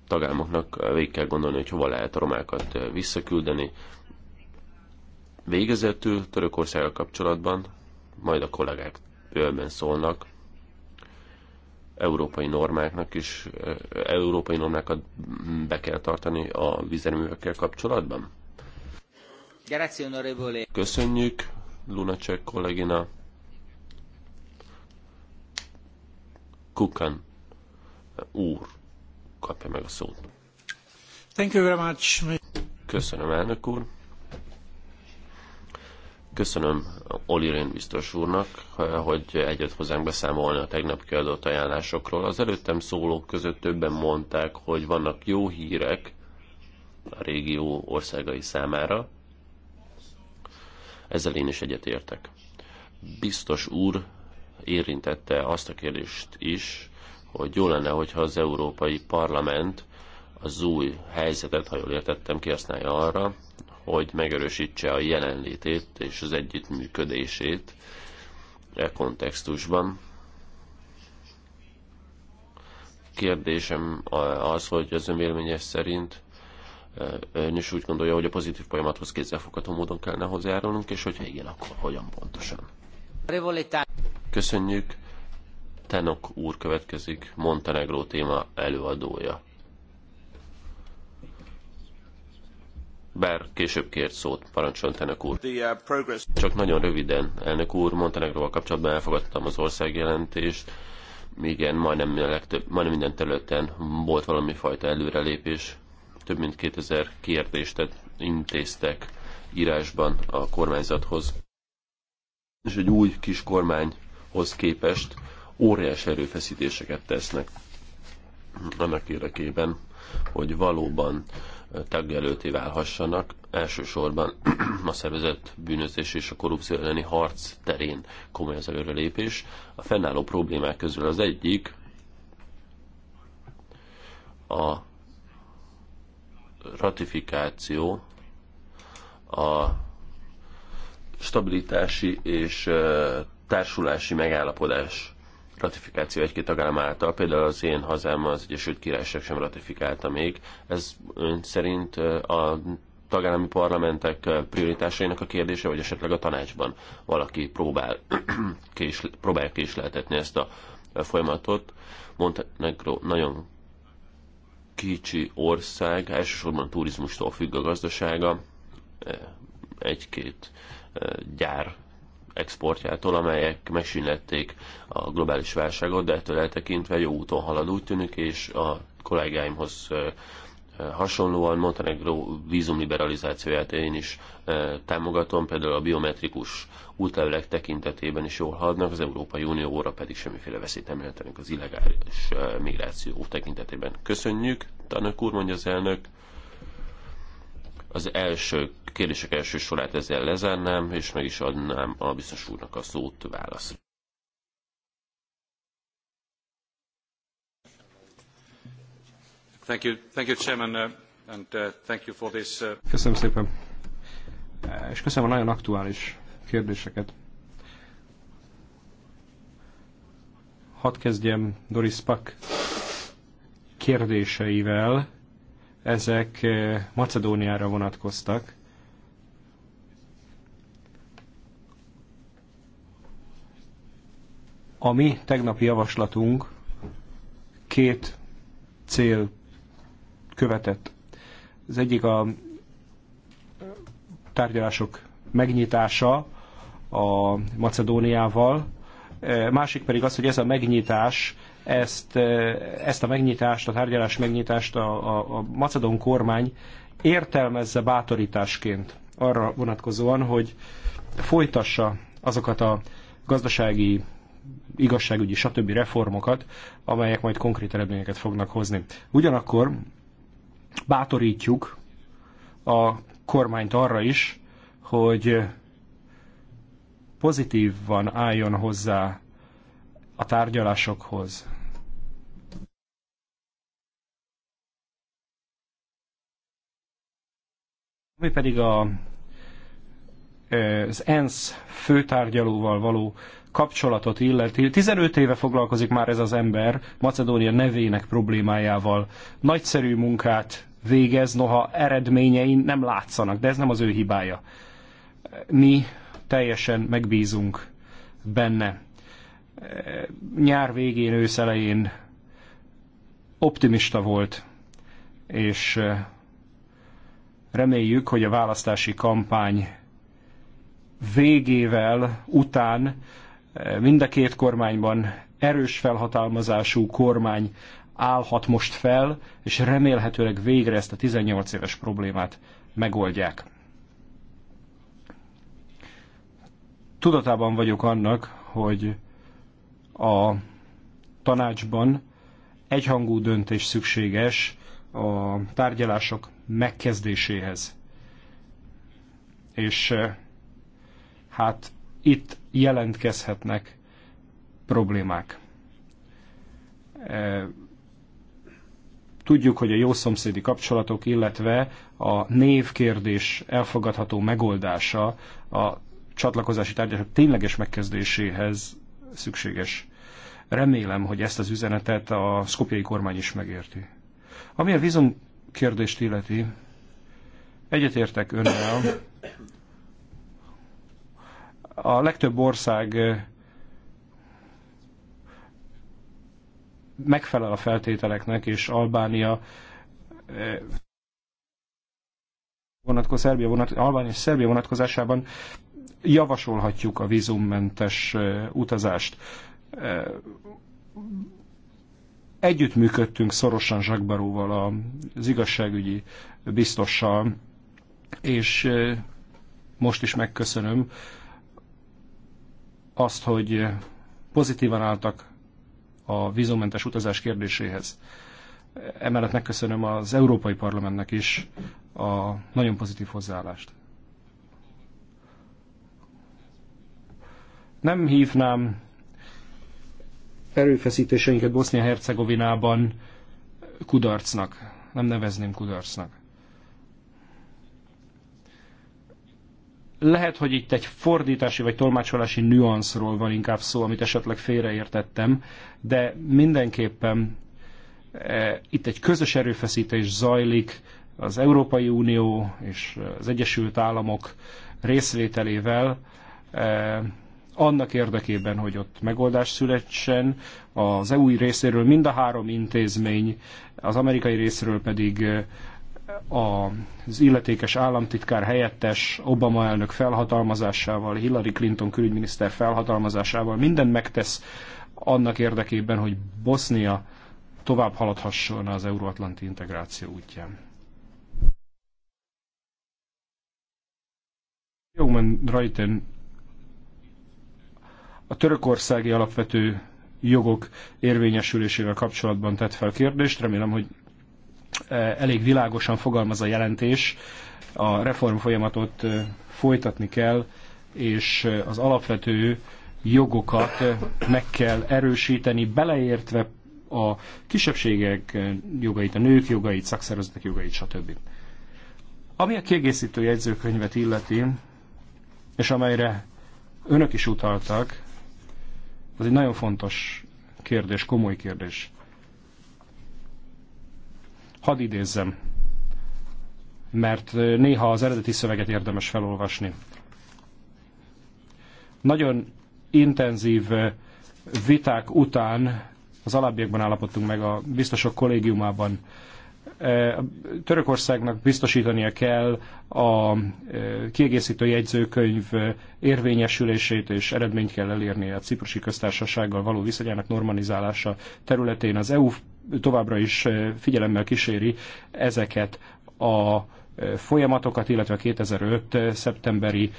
tagállamoknak végig kell gondolni, hogy hova lehet a romákat visszaküldeni. Végezetül Törökországgal kapcsolatban, majd a kollégák őben szólnak, európai normáknak is, európai normákat be kell tartani a vízerőművekkel kapcsolatban? Köszönjük, Lunacek kollégina. Kukan úr kapja meg a szót. Thank you very much. Köszönöm, elnök úr. Köszönöm Oli Rén biztos úrnak, hogy egyet hozzánk beszámolni a tegnap kiadott ajánlásokról. Az előttem szólók között többen mondták, hogy vannak jó hírek a régió országai számára. Ezzel én is egyetértek. Biztos úr érintette azt a kérdést is, hogy jó lenne, hogyha az Európai Parlament az új helyzetet, ha jól értettem, kihasználja arra, hogy megerősítse a jelenlétét és az együttműködését e kontextusban. Kérdésem az, hogy az önvéleményes szerint e, ön is úgy gondolja, hogy a pozitív folyamathoz kézzelfogható módon kellene hozzájárulnunk, és hogyha igen, akkor hogyan pontosan? Köszönjük! Tenok úr következik, Montenegró téma előadója. Bár később kért szót, parancsoljon Tenok úr. Uh, Csak nagyon röviden, elnök úr, Montenegróval kapcsolatban elfogadtam az országjelentést. Igen, majdnem, legtöbb, majdnem minden területen volt valami fajta előrelépés. Több mint 2000 kérdést intéztek írásban a kormányzathoz. És egy új kis kormányhoz képest óriási erőfeszítéseket tesznek annak érdekében, hogy valóban tagjelölté válhassanak, elsősorban <clears throat> a szervezett bűnözés és a korrupció elleni harc terén komoly az előrelépés. A fennálló problémák közül az egyik a ratifikáció a stabilitási és társulási megállapodás ratifikáció egy-két tagállam által, például az én hazám, az Egyesült Királyság sem ratifikálta még. Ez ön szerint a tagállami parlamentek prioritásainak a kérdése, vagy esetleg a tanácsban valaki próbál, <clears throat> kés, próbál késleltetni ezt a folyamatot. Montenegro nagyon kicsi ország, elsősorban turizmustól függ a gazdasága, egy-két gyár exportjától, amelyek megsínlették a globális válságot, de ettől eltekintve jó úton halad úgy tűnik, és a kollégáimhoz hasonlóan Montenegro vízumliberalizációját én is támogatom, például a biometrikus útlevelek tekintetében is jól haladnak, az Európai Unió óra pedig semmiféle veszélyt nem jelentenek az illegális migráció tekintetében. Köszönjük, tanök úr, mondja az elnök. Az első kérdések első sorát ezzel lezárnám, és meg is adnám a biztos úrnak a szót válaszra. Thank you, thank you, Chairman, uh, and uh, thank you for this. Uh, köszönöm szépen. És köszönöm a nagyon aktuális kérdéseket. Hadd kezdjem Doris Pak kérdéseivel ezek Macedóniára vonatkoztak, A mi tegnapi javaslatunk két cél követett. Az egyik a tárgyalások megnyitása a Macedóniával, másik pedig az, hogy ez a megnyitás, ezt, ezt a megnyitást, a tárgyalás megnyitást a, a, a macedón kormány értelmezze bátorításként arra vonatkozóan, hogy folytassa azokat a gazdasági igazságügyi, stb. reformokat, amelyek majd konkrét eredményeket fognak hozni. Ugyanakkor bátorítjuk a kormányt arra is, hogy pozitívan álljon hozzá a tárgyalásokhoz. Ami pedig a az ENSZ főtárgyalóval való kapcsolatot illeti. 15 éve foglalkozik már ez az ember Macedónia nevének problémájával. Nagyszerű munkát végez, noha eredményei nem látszanak, de ez nem az ő hibája. Mi teljesen megbízunk benne. Nyár végén, ősz elején optimista volt, és reméljük, hogy a választási kampány végével után eh, mind a két kormányban erős felhatalmazású kormány állhat most fel, és remélhetőleg végre ezt a 18 éves problémát megoldják. Tudatában vagyok annak, hogy a tanácsban egyhangú döntés szükséges a tárgyalások megkezdéséhez. És eh, hát itt jelentkezhetnek problémák. E, tudjuk, hogy a jó szomszédi kapcsolatok, illetve a névkérdés elfogadható megoldása a csatlakozási tárgyalások tényleges megkezdéséhez szükséges. Remélem, hogy ezt az üzenetet a szkopjai kormány is megérti. Ami a vízum kérdést illeti, egyetértek önnel, a legtöbb ország megfelel a feltételeknek, és Albánia vonatkozó Szerbia vonat, Albánia és Szerbia vonatkozásában javasolhatjuk a vízummentes utazást. Együttműködtünk szorosan Zsakbaróval, az igazságügyi biztossal, és most is megköszönöm azt, hogy pozitívan álltak a vízumentes utazás kérdéséhez. Emellett megköszönöm az Európai Parlamentnek is a nagyon pozitív hozzáállást. Nem hívnám erőfeszítéseinket Bosznia-Hercegovinában kudarcnak. Nem nevezném kudarcnak. Lehet, hogy itt egy fordítási vagy tolmácsolási nüanszról van inkább szó, amit esetleg félreértettem, de mindenképpen e, itt egy közös erőfeszítés zajlik az Európai Unió és az Egyesült Államok részvételével e, annak érdekében, hogy ott megoldás születsen. Az EU részéről mind a három intézmény, az amerikai részről pedig e, az illetékes államtitkár helyettes Obama elnök felhatalmazásával, Hillary Clinton külügyminiszter felhatalmazásával mindent megtesz annak érdekében, hogy Bosznia tovább haladhasson az euróatlanti integráció útján. Jogman Rajten a törökországi alapvető jogok érvényesülésével kapcsolatban tett fel kérdést. Remélem, hogy E, elég világosan fogalmaz a jelentés, a reform folyamatot e, folytatni kell, és e, az alapvető jogokat meg kell erősíteni, beleértve a kisebbségek jogait, a nők jogait, szakszervezetek jogait, stb. Ami a kiegészítő jegyzőkönyvet illeti, és amelyre önök is utaltak, az egy nagyon fontos kérdés, komoly kérdés. Hadd idézzem, mert néha az eredeti szöveget érdemes felolvasni. Nagyon intenzív viták után az alábbiakban állapodtunk meg a biztosok kollégiumában. Törökországnak biztosítania kell a kiegészítő jegyzőkönyv érvényesülését és eredményt kell elérnie a ciprusi köztársasággal való viszonyának normalizálása területén. Az EU továbbra is eh, figyelemmel kíséri ezeket a eh, folyamatokat, illetve a 2005. Eh, szeptemberi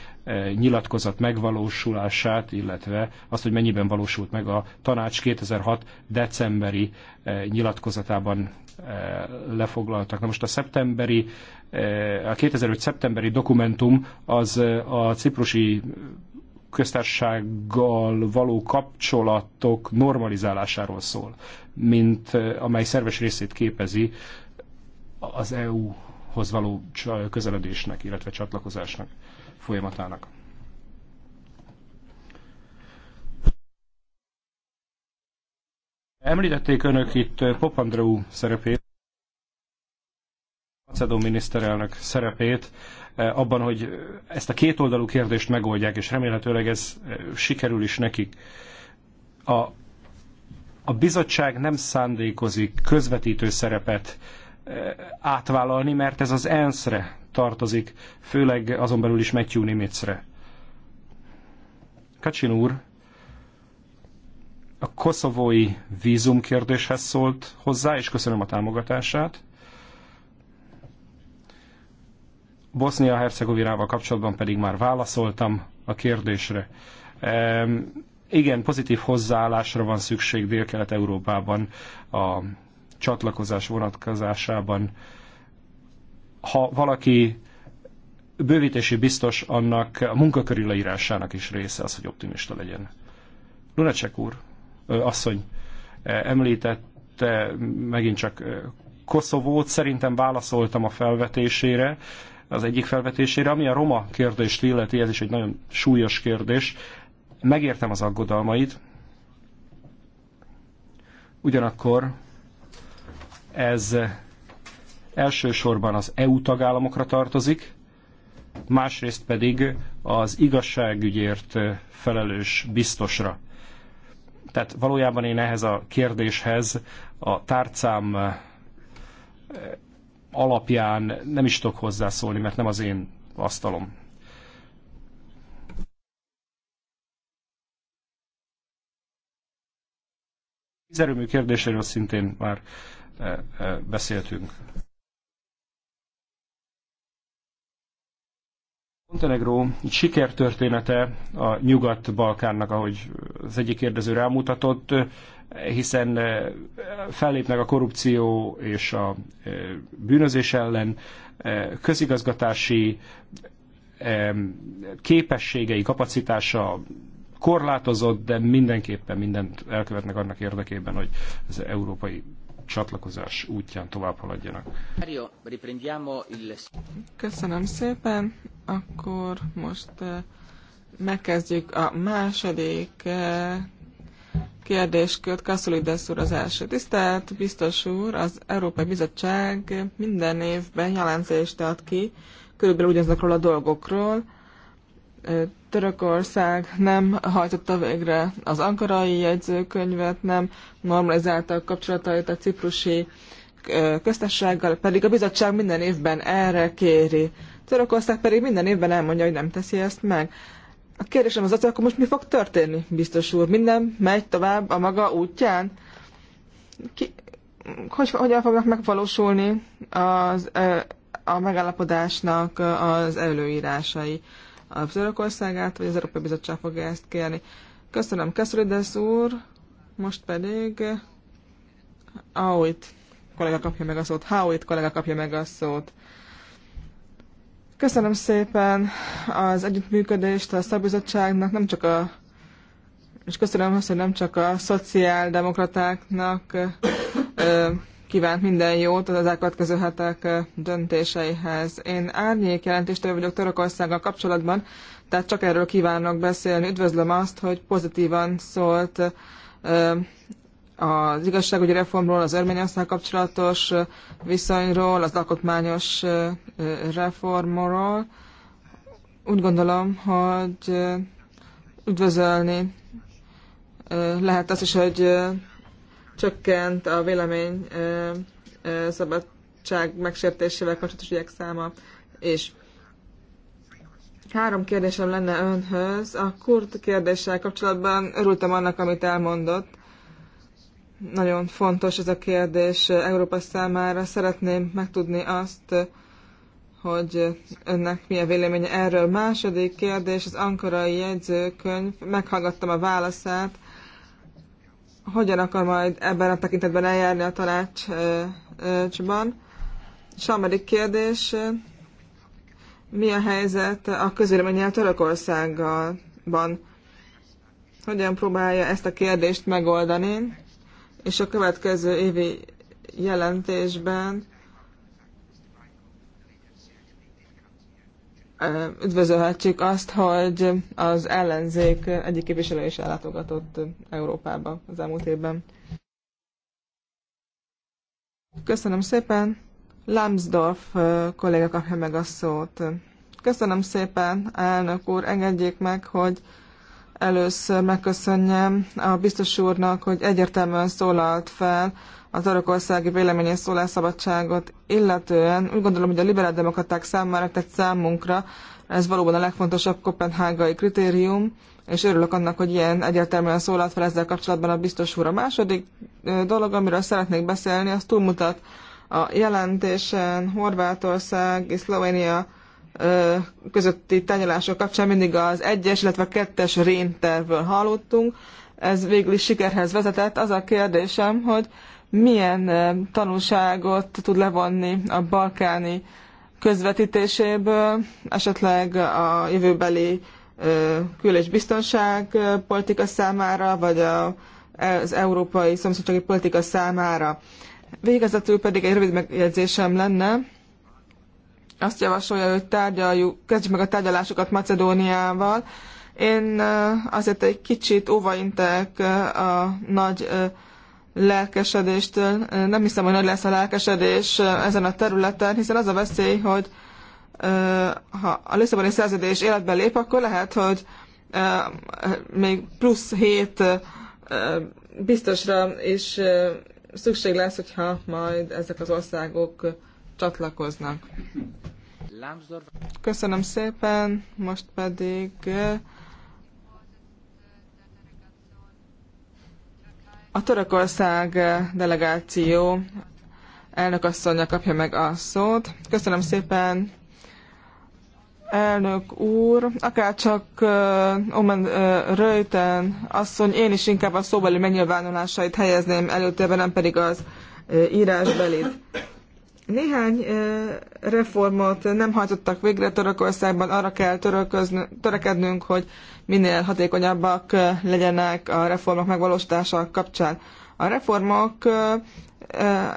nyilatkozat megvalósulását, illetve azt, hogy mennyiben valósult meg a tanács 2006. decemberi nyilatkozatában lefoglaltak. Na most a szeptemberi, a 2005. szeptemberi dokumentum az a ciprusi köztársággal való kapcsolatok normalizálásáról szól, mint eh, amely szerves részét képezi az EU-hoz való közeledésnek, illetve csatlakozásnak folyamatának. Említették önök itt Popandreou szerepét, Macedó miniszterelnök szerepét, Eh, abban, hogy ezt a kétoldalú kérdést megoldják, és remélhetőleg ez eh, sikerül is nekik. A, a bizottság nem szándékozik közvetítő szerepet eh, átvállalni, mert ez az ENSZ-re tartozik, főleg azon belül is Matthew Nimitzre. Kacsin úr a koszovói vízum kérdéshez szólt hozzá, és köszönöm a támogatását. Bosznia-Hercegovinával kapcsolatban pedig már válaszoltam a kérdésre. Igen, pozitív hozzáállásra van szükség Dél-Kelet-Európában a csatlakozás vonatkozásában. Ha valaki bővítési biztos, annak a munkaköri leírásának is része az, hogy optimista legyen. Lunacek úr, ö, asszony, e, említette megint csak e, Koszovót, szerintem válaszoltam a felvetésére az egyik felvetésére. Ami a roma kérdést illeti, ez is egy nagyon súlyos kérdés. Megértem az aggodalmait. Ugyanakkor ez elsősorban az EU tagállamokra tartozik, másrészt pedig az igazságügyért felelős biztosra. Tehát valójában én ehhez a kérdéshez a tárcám alapján nem is tudok hozzászólni, mert nem az én asztalom. Vízerőmű kérdéséről szintén már eh, eh, beszéltünk. Montenegró sikertörténete a Nyugat-Balkánnak, ahogy az egyik kérdező rámutatott, hiszen fellépnek a korrupció és a bűnözés ellen, közigazgatási képességei, kapacitása korlátozott, de mindenképpen mindent elkövetnek annak érdekében, hogy az európai csatlakozás útján tovább haladjanak. Köszönöm szépen, akkor most megkezdjük a második kérdéskört Kasszulides úr az első. Tisztelt biztos úr, az Európai Bizottság minden évben jelentést ad ki, körülbelül ugyanazokról a dolgokról. Törökország nem hajtotta végre az ankarai jegyzőkönyvet, nem normalizálta a kapcsolatait a ciprusi köztársasággal, pedig a bizottság minden évben erre kéri. Törökország pedig minden évben elmondja, hogy nem teszi ezt meg. A kérdésem az az, hogy akkor most mi fog történni, biztos úr? Minden megy tovább a maga útján? Ki, hogy, hogyan fognak megvalósulni az, a megállapodásnak az előírásai? Az Örökországát, vagy az Európai Bizottság fogja ezt kérni? Köszönöm, Keszülides úr. Most pedig Howitt kollega kapja meg a szót. Howitt kollega kapja meg a szót. Köszönöm szépen az együttműködést a szabizottságnak, nem csak a és köszönöm azt, hogy nem csak a szociáldemokratáknak ö, kívánt minden jót az elkövetkező hetek döntéseihez. Én árnyék jelentéstől vagyok Törökországgal kapcsolatban, tehát csak erről kívánok beszélni. Üdvözlöm azt, hogy pozitívan szólt ö, az igazságügyi reformról, az Örményország kapcsolatos viszonyról, az alkotmányos reformról. Úgy gondolom, hogy üdvözölni lehet az is, hogy csökkent a vélemény szabadság megsértésével kapcsolatos ügyek száma, és Három kérdésem lenne önhöz. A kurd kérdéssel kapcsolatban örültem annak, amit elmondott nagyon fontos ez a kérdés Európa számára. Szeretném megtudni azt, hogy önnek mi a véleménye erről. Második kérdés, az ankarai jegyzőkönyv, meghallgattam a válaszát, hogyan akar majd ebben a tekintetben eljárni a tanácsban. És harmadik kérdés, mi a helyzet a közvéleménnyel Törökországban? Hogyan próbálja ezt a kérdést megoldani? és a következő évi jelentésben üdvözölhetjük azt, hogy az ellenzék egyik képviselő is ellátogatott Európába az elmúlt évben. Köszönöm szépen. Lambsdorff kolléga kapja meg a szót. Köszönöm szépen, elnök úr, engedjék meg, hogy először megköszönjem a biztos úrnak, hogy egyértelműen szólalt fel az a vélemény és szólásszabadságot illetően. Úgy gondolom, hogy a demokraták számára, tehát számunkra ez valóban a legfontosabb kopenhágai kritérium, és örülök annak, hogy ilyen egyértelműen szólalt fel ezzel kapcsolatban a biztos úr. A második dolog, amiről szeretnék beszélni, az túlmutat a jelentésen Horvátország és Szlovénia közötti tárgyalások kapcsán mindig az egyes, illetve a kettes réntervről hallottunk. Ez végül is sikerhez vezetett. Az a kérdésem, hogy milyen tanulságot tud levonni a balkáni közvetítéséből, esetleg a jövőbeli kül- és politika számára, vagy a, az európai szomszédsági politika számára. Végezetül pedig egy rövid megjegyzésem lenne azt javasolja, hogy tárgyaljuk, kezdjük meg a tárgyalásokat Macedóniával. Én azért egy kicsit óvaintek a nagy lelkesedéstől. Nem hiszem, hogy nagy lesz a lelkesedés ezen a területen, hiszen az a veszély, hogy ha a Lisszaboni szerződés életbe lép, akkor lehet, hogy még plusz hét biztosra is szükség lesz, hogyha majd ezek az országok csatlakoznak. Köszönöm szépen, most pedig a Törökország delegáció elnökasszonya kapja meg a szót. Köszönöm szépen, elnök úr. Akárcsak uh, Omen uh, Röjten asszony, én is inkább a szóbeli megnyilvánulásait helyezném előtérben, nem pedig az uh, írásbelit. Néhány reformot nem hajtottak végre Törökországban, arra kell törekednünk, hogy minél hatékonyabbak legyenek a reformok megvalósítása kapcsán. A reformok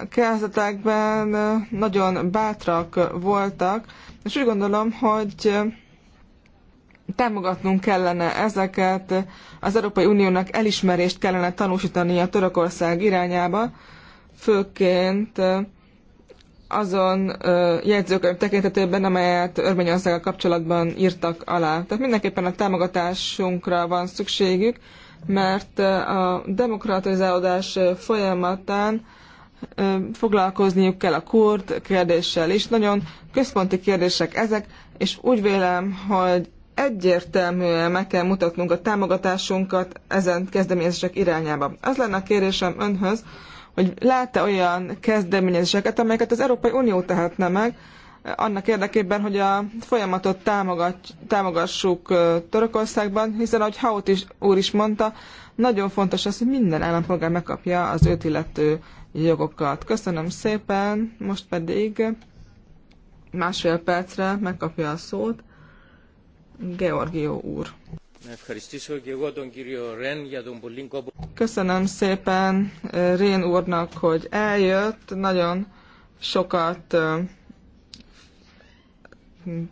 kezdetekben nagyon bátrak voltak, és úgy gondolom, hogy támogatnunk kellene ezeket, az Európai Uniónak elismerést kellene tanúsítani a Törökország irányába, főként azon jegyzőkönyv tekintetében, amelyet Örményországgal kapcsolatban írtak alá. Tehát mindenképpen a támogatásunkra van szükségük, mert a demokratizálódás folyamatán foglalkozniuk kell a kurd kérdéssel is. Nagyon központi kérdések ezek, és úgy vélem, hogy egyértelműen meg kell mutatnunk a támogatásunkat ezen kezdeményezések irányába. Az lenne a kérésem önhöz, hogy lát-e olyan kezdeményezéseket, amelyeket az Európai Unió tehetne meg, eh, annak érdekében, hogy a folyamatot támogat, támogassuk eh, Törökországban, hiszen ahogy Haut is, úr is mondta, nagyon fontos az, hogy minden állampolgár megkapja az őt illető jogokat. Köszönöm szépen, most pedig másfél percre megkapja a szót Georgió úr. Köszönöm szépen eh, Rén úrnak, hogy eljött, nagyon sokat eh,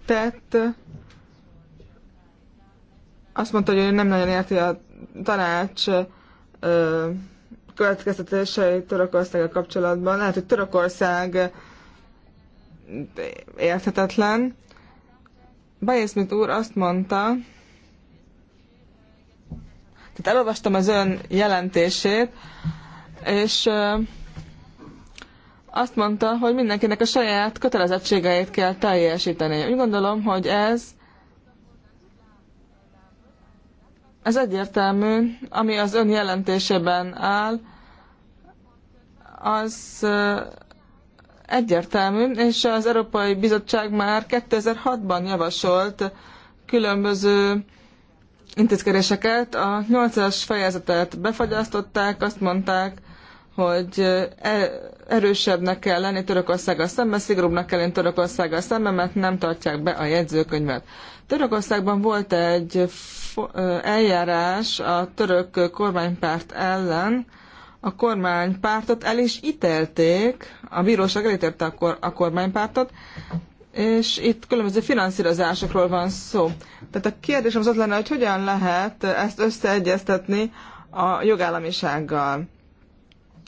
tett. Azt mondta, hogy nem nagyon érti a tanács eh, következtetéseit Törökországgal kapcsolatban. Lehet, hogy Törökország érthetetlen. mint úr azt mondta, tehát elolvastam az ön jelentését, és azt mondta, hogy mindenkinek a saját kötelezettségeit kell teljesíteni. Úgy gondolom, hogy ez ez egyértelmű, ami az ön jelentésében áll, az egyértelmű, és az Európai Bizottság már 2006-ban javasolt különböző intézkedéseket. A 8-as fejezetet befagyasztották, azt mondták, hogy e, erősebbnek kell lenni Törökországgal szemben, szigorúbbnak kell lenni Törökországgal szemben, mert nem tartják be a jegyzőkönyvet. Törökországban volt egy eljárás a török kormánypárt ellen, a kormánypártot el is ítélték, a bíróság elítélte a, kor, a kormánypártot, és itt különböző finanszírozásokról van szó. Tehát a kérdésem az ott lenne, hogy hogyan lehet ezt összeegyeztetni a jogállamisággal.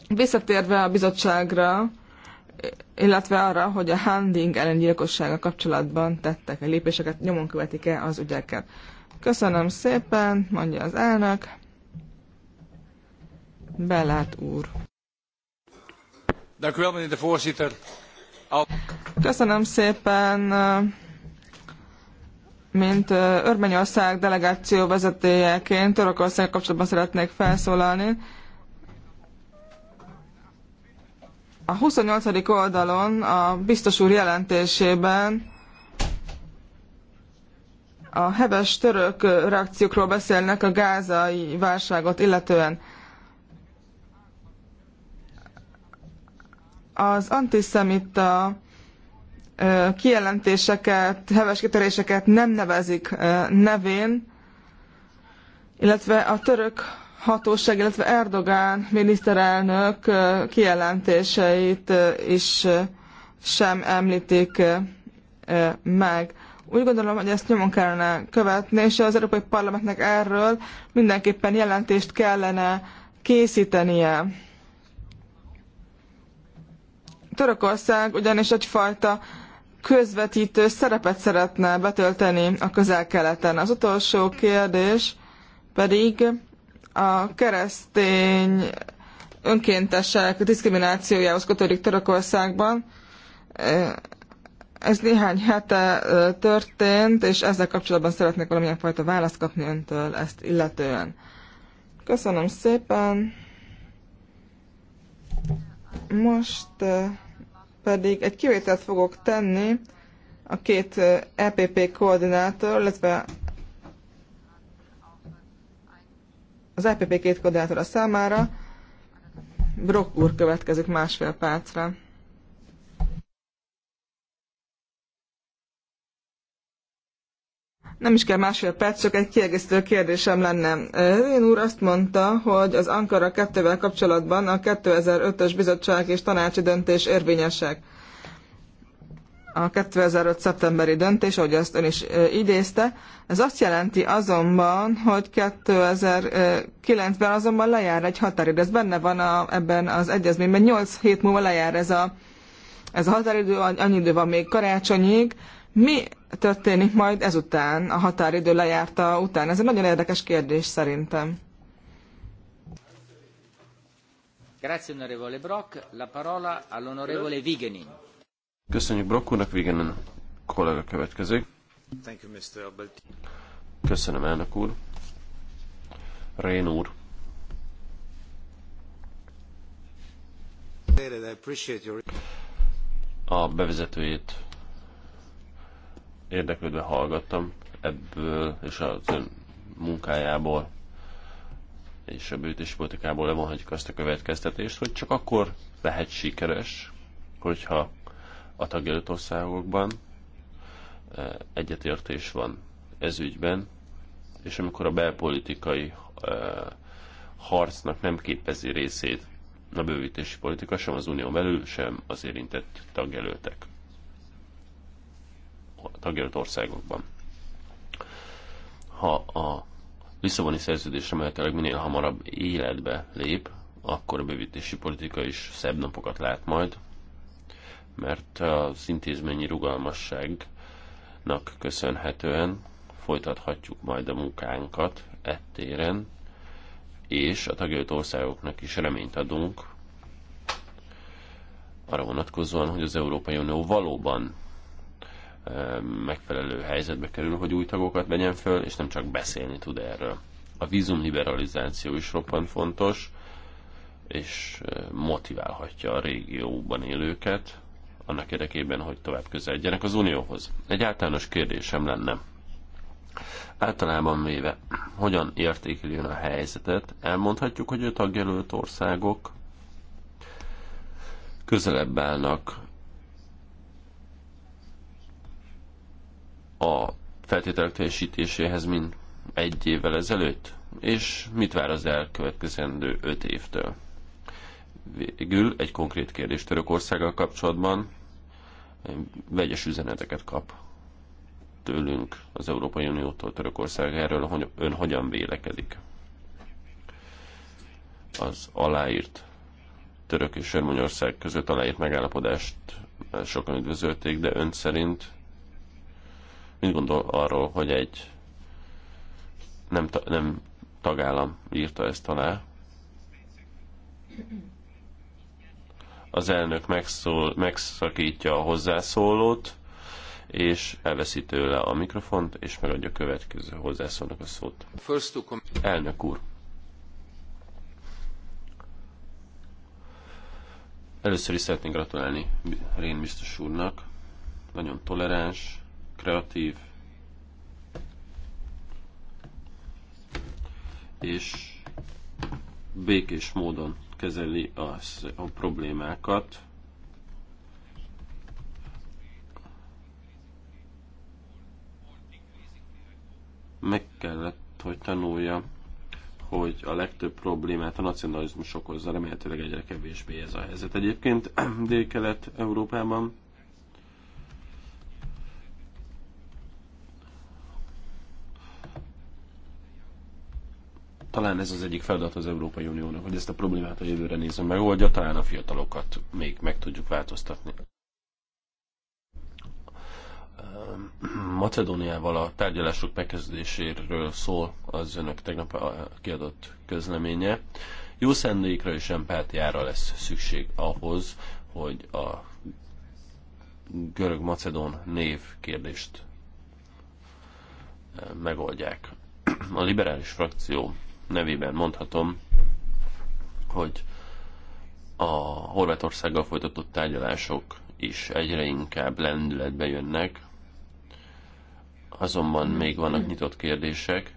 Visszatérve a bizottságra, illetve arra, hogy a Handing ellengyilkossága kapcsolatban tettek-e lépéseket, nyomon követik-e az ügyeket. Köszönöm szépen, mondja az elnök. Belát úr. Dank u wel, meneer de voorzitter. Köszönöm szépen. Mint Örményország delegáció vezetőjeként Törökország kapcsolatban szeretnék felszólalni. A 28. oldalon a biztos úr jelentésében a heves török reakciókról beszélnek a gázai válságot illetően. Az antiszemita kijelentéseket, heves kitöréseket nem nevezik nevén, illetve a török hatóság, illetve Erdogán miniszterelnök kijelentéseit is sem említik meg. Úgy gondolom, hogy ezt nyomon kellene követni, és az Európai Parlamentnek erről mindenképpen jelentést kellene készítenie. Törökország ugyanis egyfajta közvetítő szerepet szeretne betölteni a közel-keleten. Az utolsó kérdés pedig a keresztény önkéntesek diszkriminációjához kötődik Törökországban. Ez néhány hete történt, és ezzel kapcsolatban szeretnék valamilyen fajta választ kapni öntől ezt illetően. Köszönöm szépen. Most pedig egy kivételt fogok tenni a két EPP koordinátor, illetve az EPP két koordinátora számára. Brock úr következik másfél percre. Nem is kell másfél perc, csak egy kiegészítő kérdésem lenne. Én úr azt mondta, hogy az Ankara 2-vel kapcsolatban a 2005-ös bizottság és tanácsi döntés érvényesek. A 2005. szeptemberi döntés, ahogy azt ön is idézte, ez azt jelenti azonban, hogy 2009-ben azonban lejár egy határidő. Ez benne van a, ebben az egyezményben, 8 hét múlva lejár ez a, ez a határidő, annyi idő van még karácsonyig. Mi történik majd ezután, a határidő lejárta után? Ez egy nagyon érdekes kérdés szerintem. Grazie onorevole Brock, la parola all'onorevole Vigenin. Köszönjük Brock úrnak, Vigenin kollega következik. Thank you, Mr. Alberti. Köszönöm, elnök úr. Rén úr. A bevezetőjét érdeklődve hallgattam ebből és az ön munkájából és a bőtés politikából levonhatjuk azt a következtetést, hogy csak akkor lehet sikeres, hogyha a tagjelölt országokban e, egyetértés van ez ügyben, és amikor a belpolitikai e, harcnak nem képezi részét a bővítési politika, sem az unió belül, sem az érintett tagjelöltek tagjelölt országokban. Ha a Lisszaboni szerződés remélhetőleg minél hamarabb életbe lép, akkor a bővítési politika is szebb napokat lát majd, mert az intézményi rugalmasságnak köszönhetően folytathatjuk majd a munkánkat ettéren, és a tagjelölt országoknak is reményt adunk arra vonatkozóan, hogy az Európai Unió valóban megfelelő helyzetbe kerül, hogy új tagokat vegyen föl, és nem csak beszélni tud erről. A vízumliberalizáció is roppant fontos, és motiválhatja a régióban élőket, annak érdekében, hogy tovább közeledjenek az Unióhoz. Egy általános kérdésem lenne. Általában véve, hogyan értékeljön a helyzetet? Elmondhatjuk, hogy a tagjelölt országok közelebb állnak a feltételek teljesítéséhez, mint egy évvel ezelőtt? És mit vár az elkövetkezendő öt évtől? Végül egy konkrét kérdés Törökországgal kapcsolatban. Vegyes üzeneteket kap tőlünk az Európai Uniótól Törökország erről, hogy ön hogyan vélekedik? Az aláírt török és Örményország között aláírt megállapodást sokan üdvözölték, de ön szerint Mit gondol arról, hogy egy nem, ta, nem tagállam írta ezt alá? Az elnök megszól, megszakítja a hozzászólót, és elveszi tőle a mikrofont, és megadja a következő hozzászólnak a szót. Elnök úr! Először is szeretnék gratulálni Rén biztos úrnak. Nagyon toleráns, kreatív, és békés módon kezeli az, a problémákat. Meg kellett, hogy tanulja, hogy a legtöbb problémát a nacionalizmus okozza, remélhetőleg egyre kevésbé ez a helyzet. Egyébként <clears throat> Dél-Kelet-Európában Talán ez az egyik feladat az Európai Uniónak, hogy ezt a problémát a jövőre nézve megoldja, talán a fiatalokat még meg tudjuk változtatni. Macedóniával a tárgyalások megkezdéséről szól az önök tegnap kiadott közleménye. Jó szendékra és empátiára lesz szükség ahhoz, hogy a görög-macedón név kérdést megoldják. A liberális frakció nevében mondhatom, hogy a Horvátországgal folytatott tárgyalások is egyre inkább lendületbe jönnek, azonban még vannak nyitott kérdések,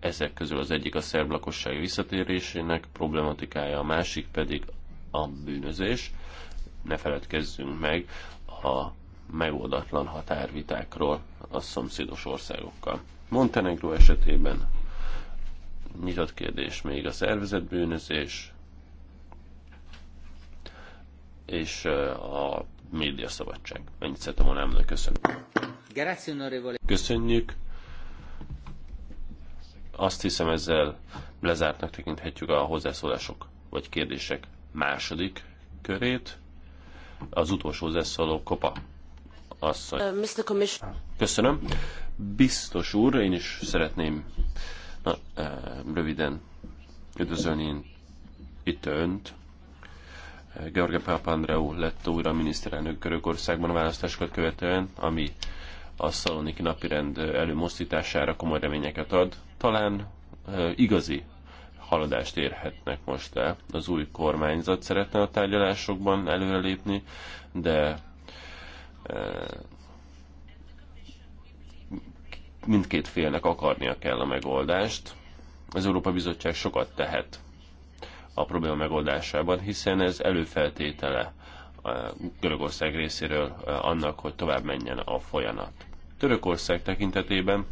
ezek közül az egyik a szerb lakosság visszatérésének problematikája, a másik pedig a bűnözés. Ne feledkezzünk meg a megoldatlan határvitákról a szomszédos országokkal. Montenegro esetében nyitott kérdés még a szervezetbűnözés és a média szabadság. Ennyit szeretem volna elmondani, köszönöm. Köszönjük. Azt hiszem ezzel lezártnak tekinthetjük a hozzászólások vagy kérdések második körét. Az utolsó hozzászóló Kopa asszony. Uh, köszönöm. Biztos úr, én is szeretném Na, röviden üdvözölni itt önt. George Papandreou lett újra miniszterelnök Görögországban a választásokat követően, ami a szaloniki napirend előmozdítására komoly reményeket ad. Talán igazi haladást érhetnek most el. Az új kormányzat szeretne a tárgyalásokban előrelépni, de mindkét félnek akarnia kell a megoldást. Az Európa Bizottság sokat tehet a probléma megoldásában, hiszen ez előfeltétele eh, Görögország részéről eh, annak, hogy tovább menjen a folyamat. Törökország tekintetében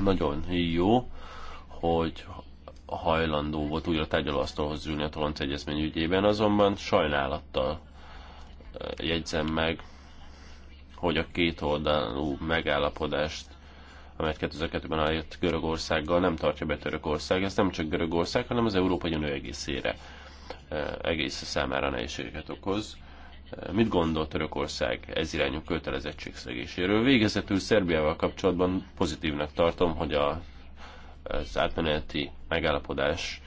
nagyon jó, hogy hajlandó volt újra tárgyalóasztalhoz ülni a Tolonc Egyezmény ügyében, azonban sajnálattal eh, jegyzem meg, hogy a két oldalú megállapodást amelyet 2002-ben aláírt Görögországgal, nem tartja be Törökország. Ez nem csak Görögország, hanem az Európai Unió egészére, e, egész számára nehézségeket okoz. E, mit gondol Törökország ez irányú kötelezettségszegéséről? Végezetül Szerbiával kapcsolatban pozitívnak tartom, hogy a, az átmeneti megállapodás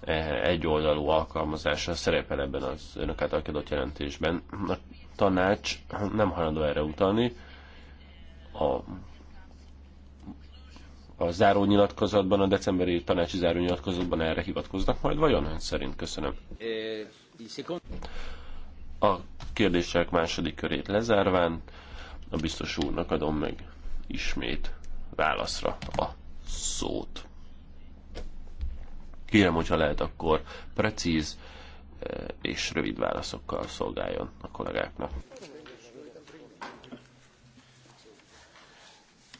e, egyoldalú alkalmazása szerepel ebben az önök által kiadott jelentésben. A tanács nem hajlandó erre utalni. A a nyilatkozatban, a decemberi tanácsi nyilatkozatban erre hivatkoznak majd vajon? Ön szerint köszönöm. A kérdések második körét lezárván a biztos úrnak adom meg ismét válaszra a szót. Kérem, hogyha lehet, akkor precíz eh, és rövid válaszokkal szolgáljon a kollégáknak.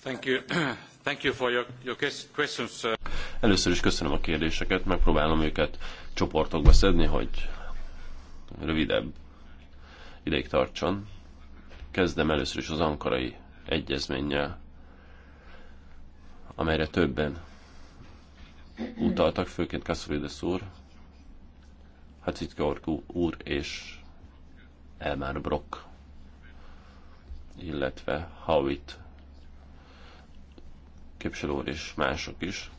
Thank you. Először is köszönöm a kérdéseket, megpróbálom őket csoportokba szedni, hogy rövidebb ideig tartson. Kezdem először is az ankarai egyezménnyel, amelyre többen utaltak, főként Kasszorides úr, Hacitka úr és Elmar Brock, illetve Howitt képviselő és mások is.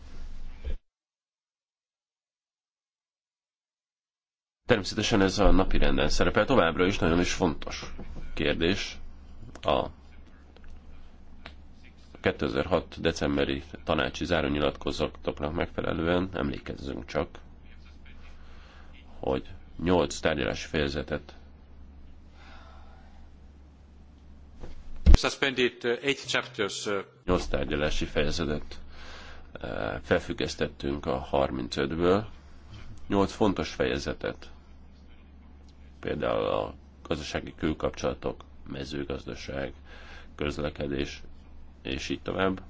Természetesen ez a napi renden szerepel továbbra is nagyon is fontos kérdés. A 2006. decemberi tanácsi zárónyilatkozatoknak megfelelően emlékezzünk csak, hogy 8 tárgyalási fejezetet suspended uh, eight chapters. Uh, Nyolc tárgyalási fejezetet uh, felfüggesztettünk a 35-ből. Nyolc fontos fejezetet, például a gazdasági külkapcsolatok, mezőgazdaság, közlekedés, és így tovább.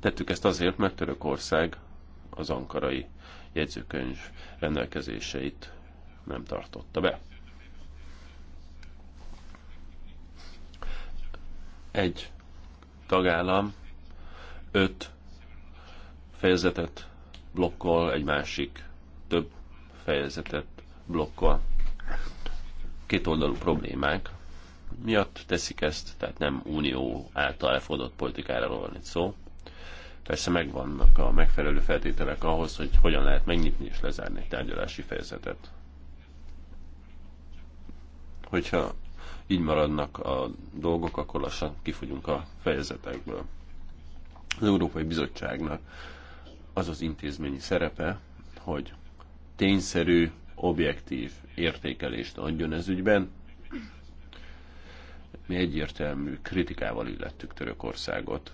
Tettük ezt azért, mert Törökország az ankarai jegyzőkönyv rendelkezéseit nem tartotta be. egy tagállam öt fejezetet blokkol, egy másik több fejezetet blokkol. két oldalú problémák miatt teszik ezt, tehát nem unió által elfogadott politikára van itt szó. Persze megvannak a megfelelő feltételek ahhoz, hogy hogyan lehet megnyitni és lezárni egy tárgyalási fejezetet. Hogyha így maradnak a dolgok, akkor lassan kifogyunk a fejezetekből. Az Európai Bizottságnak az az intézményi szerepe, hogy tényszerű, objektív értékelést adjon ez ügyben. Mi egyértelmű kritikával illettük Törökországot,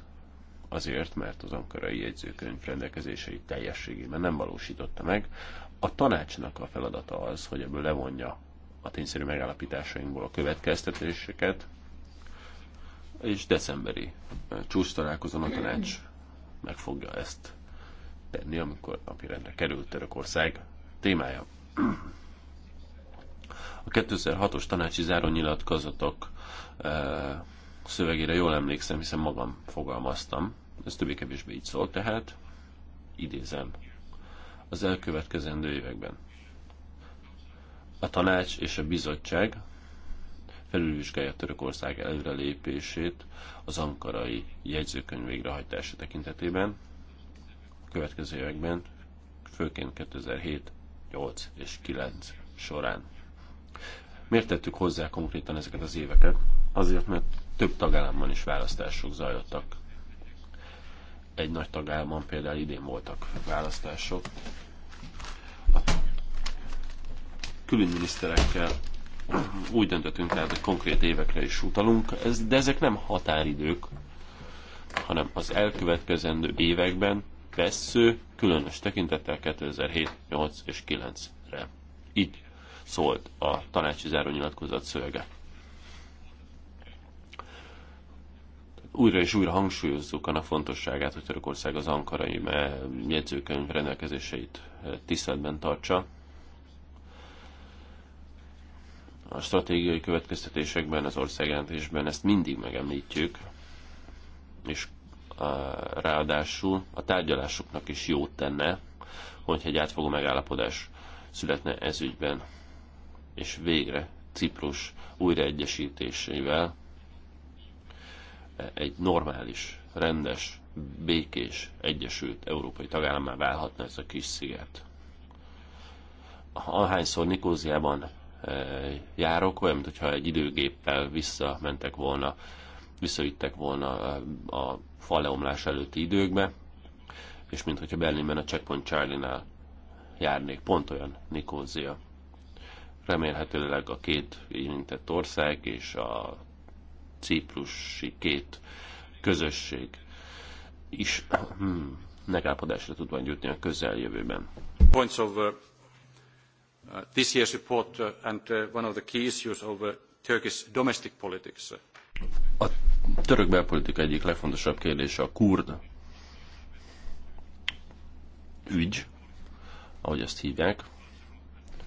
azért, mert az ankarai jegyzőkönyv rendelkezései teljességében nem valósította meg. A tanácsnak a feladata az, hogy ebből levonja a tényszerű megállapításainkból a következtetéseket, és decemberi csúcs találkozón a tanács meg fogja ezt tenni, amikor napirendre került Törökország témája. A 2006-os tanácsi zárónyilatkozatok szövegére jól emlékszem, hiszen magam fogalmaztam. Ez többé-kevésbé így szól, tehát idézem. Az elkövetkezendő években a tanács és a bizottság felülvizsgálja Törökország előrelépését az ankarai jegyzőkönyv végrehajtása tekintetében a következő években, főként 2007, 8 és 9 során. Miért tettük hozzá konkrétan ezeket az éveket? Azért, mert több tagállamban is választások zajlottak. Egy nagy tagállamban például idén voltak választások, külügyminiszterekkel úgy döntöttünk tehát, hogy konkrét évekre is utalunk, ez, de ezek nem határidők, hanem az elkövetkezendő években vesző, különös tekintettel 2007, 8 és 9-re. Így szólt a tanácsi zárónyilatkozat szövege. Újra és újra hangsúlyozzuk annak fontosságát, hogy Törökország az ankarai eh, jegyzőkönyv rendelkezéseit eh, tiszteletben tartsa, a stratégiai következtetésekben, az országjelentésben ezt mindig megemlítjük, és a, ráadásul a tárgyalásoknak is jót tenne, hogyha egy átfogó megállapodás születne ez ügyben, és végre Ciprus újraegyesítésével egy normális, rendes, békés, egyesült európai tagállammá válhatna ez a kis sziget. Ahányszor Nikóziában járok, olyan, mintha egy időgéppel visszamentek volna, visszavittek volna a fal leomlás előtti időkbe, és mintha Berlinben a Checkpoint Charlie-nál járnék, pont olyan Nikózia. Remélhetőleg a két érintett ország és a ciprusi két közösség is hmm, megállapodásra tud majd jutni a közeljövőben. Points of, uh... Uh, this year's report uh, and uh, one of the key issues of Turkish domestic politics. A török belpolitika egyik legfontosabb kérdése a kurd ügy, ahogy ezt hívják,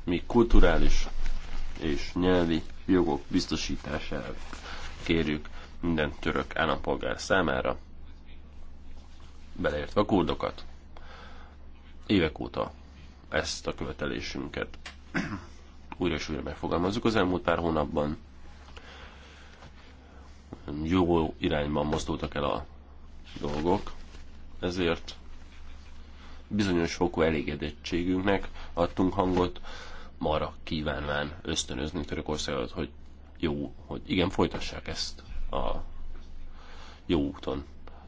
mi kulturális és nyelvi jogok biztosítását kérjük minden török állampolgár számára, beleértve a kurdokat. Évek óta ezt a követelésünket. <clears throat> újra és újra megfogalmazzuk az elmúlt pár hónapban. Jó irányban mozdultak el a dolgok, ezért bizonyos fokú elégedettségünknek adtunk hangot, marra kívánván ösztönözni Törökországot, hogy jó, hogy igen, folytassák ezt a jó úton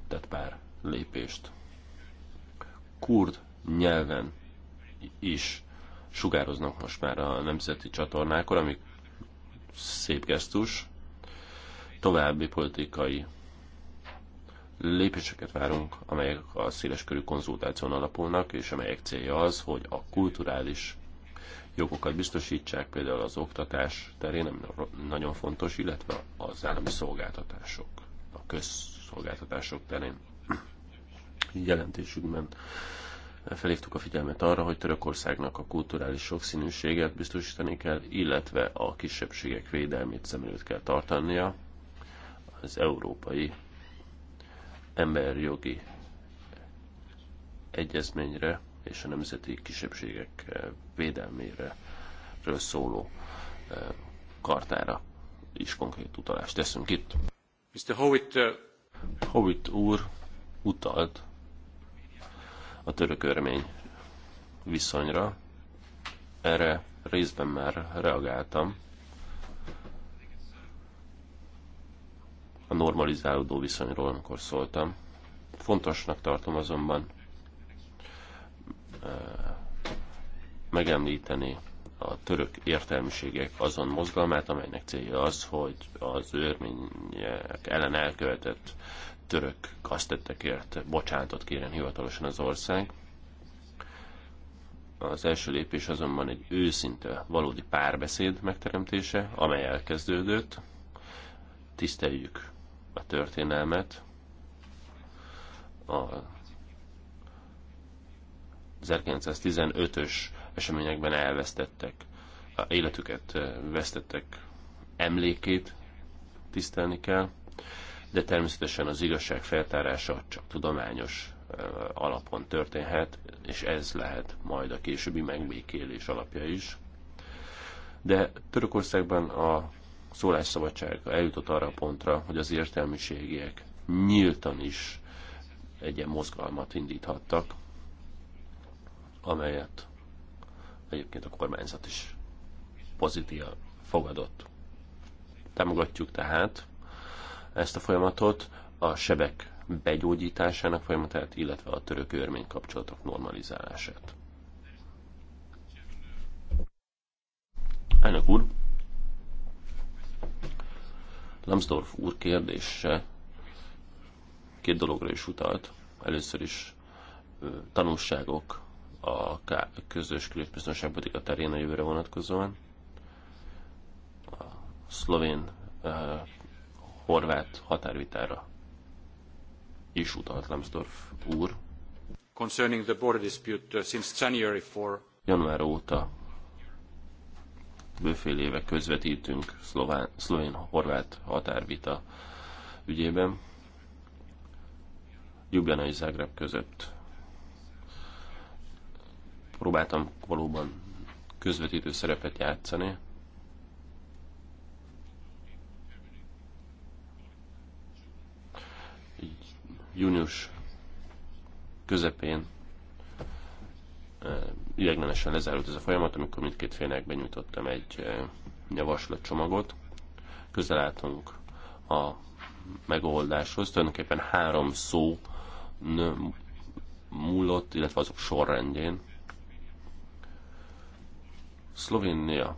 tett pár lépést. Kurd nyelven is sugároznak most már a nemzeti csatornákon, ami szép gesztus. További politikai lépéseket várunk, amelyek a széleskörű konzultáción alapulnak, és amelyek célja az, hogy a kulturális jogokat biztosítsák, például az oktatás terén, ami nagyon fontos, illetve az állami szolgáltatások, a közszolgáltatások terén jelentésükben felhívtuk a figyelmet arra, hogy Törökországnak a kulturális sokszínűséget biztosítani kell, illetve a kisebbségek védelmét szem előtt kell tartania az európai emberjogi egyezményre és a nemzeti kisebbségek eh, védelmére szóló eh, kartára is konkrét utalást teszünk itt. Mr. Howitt, uh... Howitt úr utalt a török örmény viszonyra. Erre részben már reagáltam. A normalizálódó viszonyról, amikor szóltam. Fontosnak tartom azonban eh, megemlíteni a török értelmiségek azon mozgalmát, amelynek célja az, hogy az örmények ellen elkövetett török kasztettekért bocsánatot kéren hivatalosan az ország. Az első lépés azonban egy őszinte, valódi párbeszéd megteremtése, amely elkezdődött. Tiszteljük a történelmet, a 1915-ös eseményekben elvesztettek, a életüket vesztettek emlékét tisztelni kell de természetesen az igazság feltárása csak tudományos alapon történhet, és ez lehet majd a későbbi megbékélés alapja is. De Törökországban a szólásszabadság eljutott arra a pontra, hogy az értelmiségiek nyíltan is egy ilyen mozgalmat indíthattak, amelyet egyébként a kormányzat is pozitívan fogadott. Támogatjuk tehát ezt a folyamatot, a sebek begyógyításának folyamatát, illetve a török örmény kapcsolatok normalizálását. Elnök úr, Lambsdorff úr kérdése két dologra is utalt. Először is tanulságok a közös külügybiztonságpolitika terén a jövőre vonatkozóan. A szlovén horvát határvitára is utalt Lambsdorff úr. Concerning the border dispute uh, since January 4. Január óta bőfél éve közvetítünk szlovén-horvát határvita ügyében. Ljubljana és Zágráb között próbáltam valóban közvetítő szerepet játszani, június közepén ideglenesen lezárult ez a folyamat, amikor mindkét félnek benyújtottam egy javaslatcsomagot. Közel álltunk a megoldáshoz. Tulajdonképpen három szó múlott, illetve azok sorrendjén. Szlovénia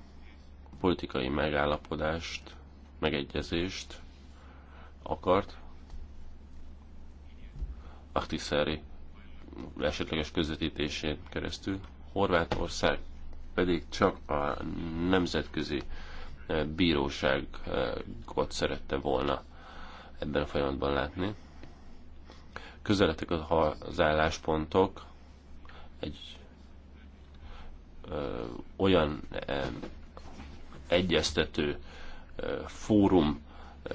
politikai megállapodást, megegyezést akart, Ahtiszári esetleges közvetítésén keresztül. Horvátország pedig csak a nemzetközi eh, bíróságot szerette volna ebben a folyamatban látni. Közeletek az álláspontok egy ö, eh, olyan ö, eh, egyeztető ö, fórum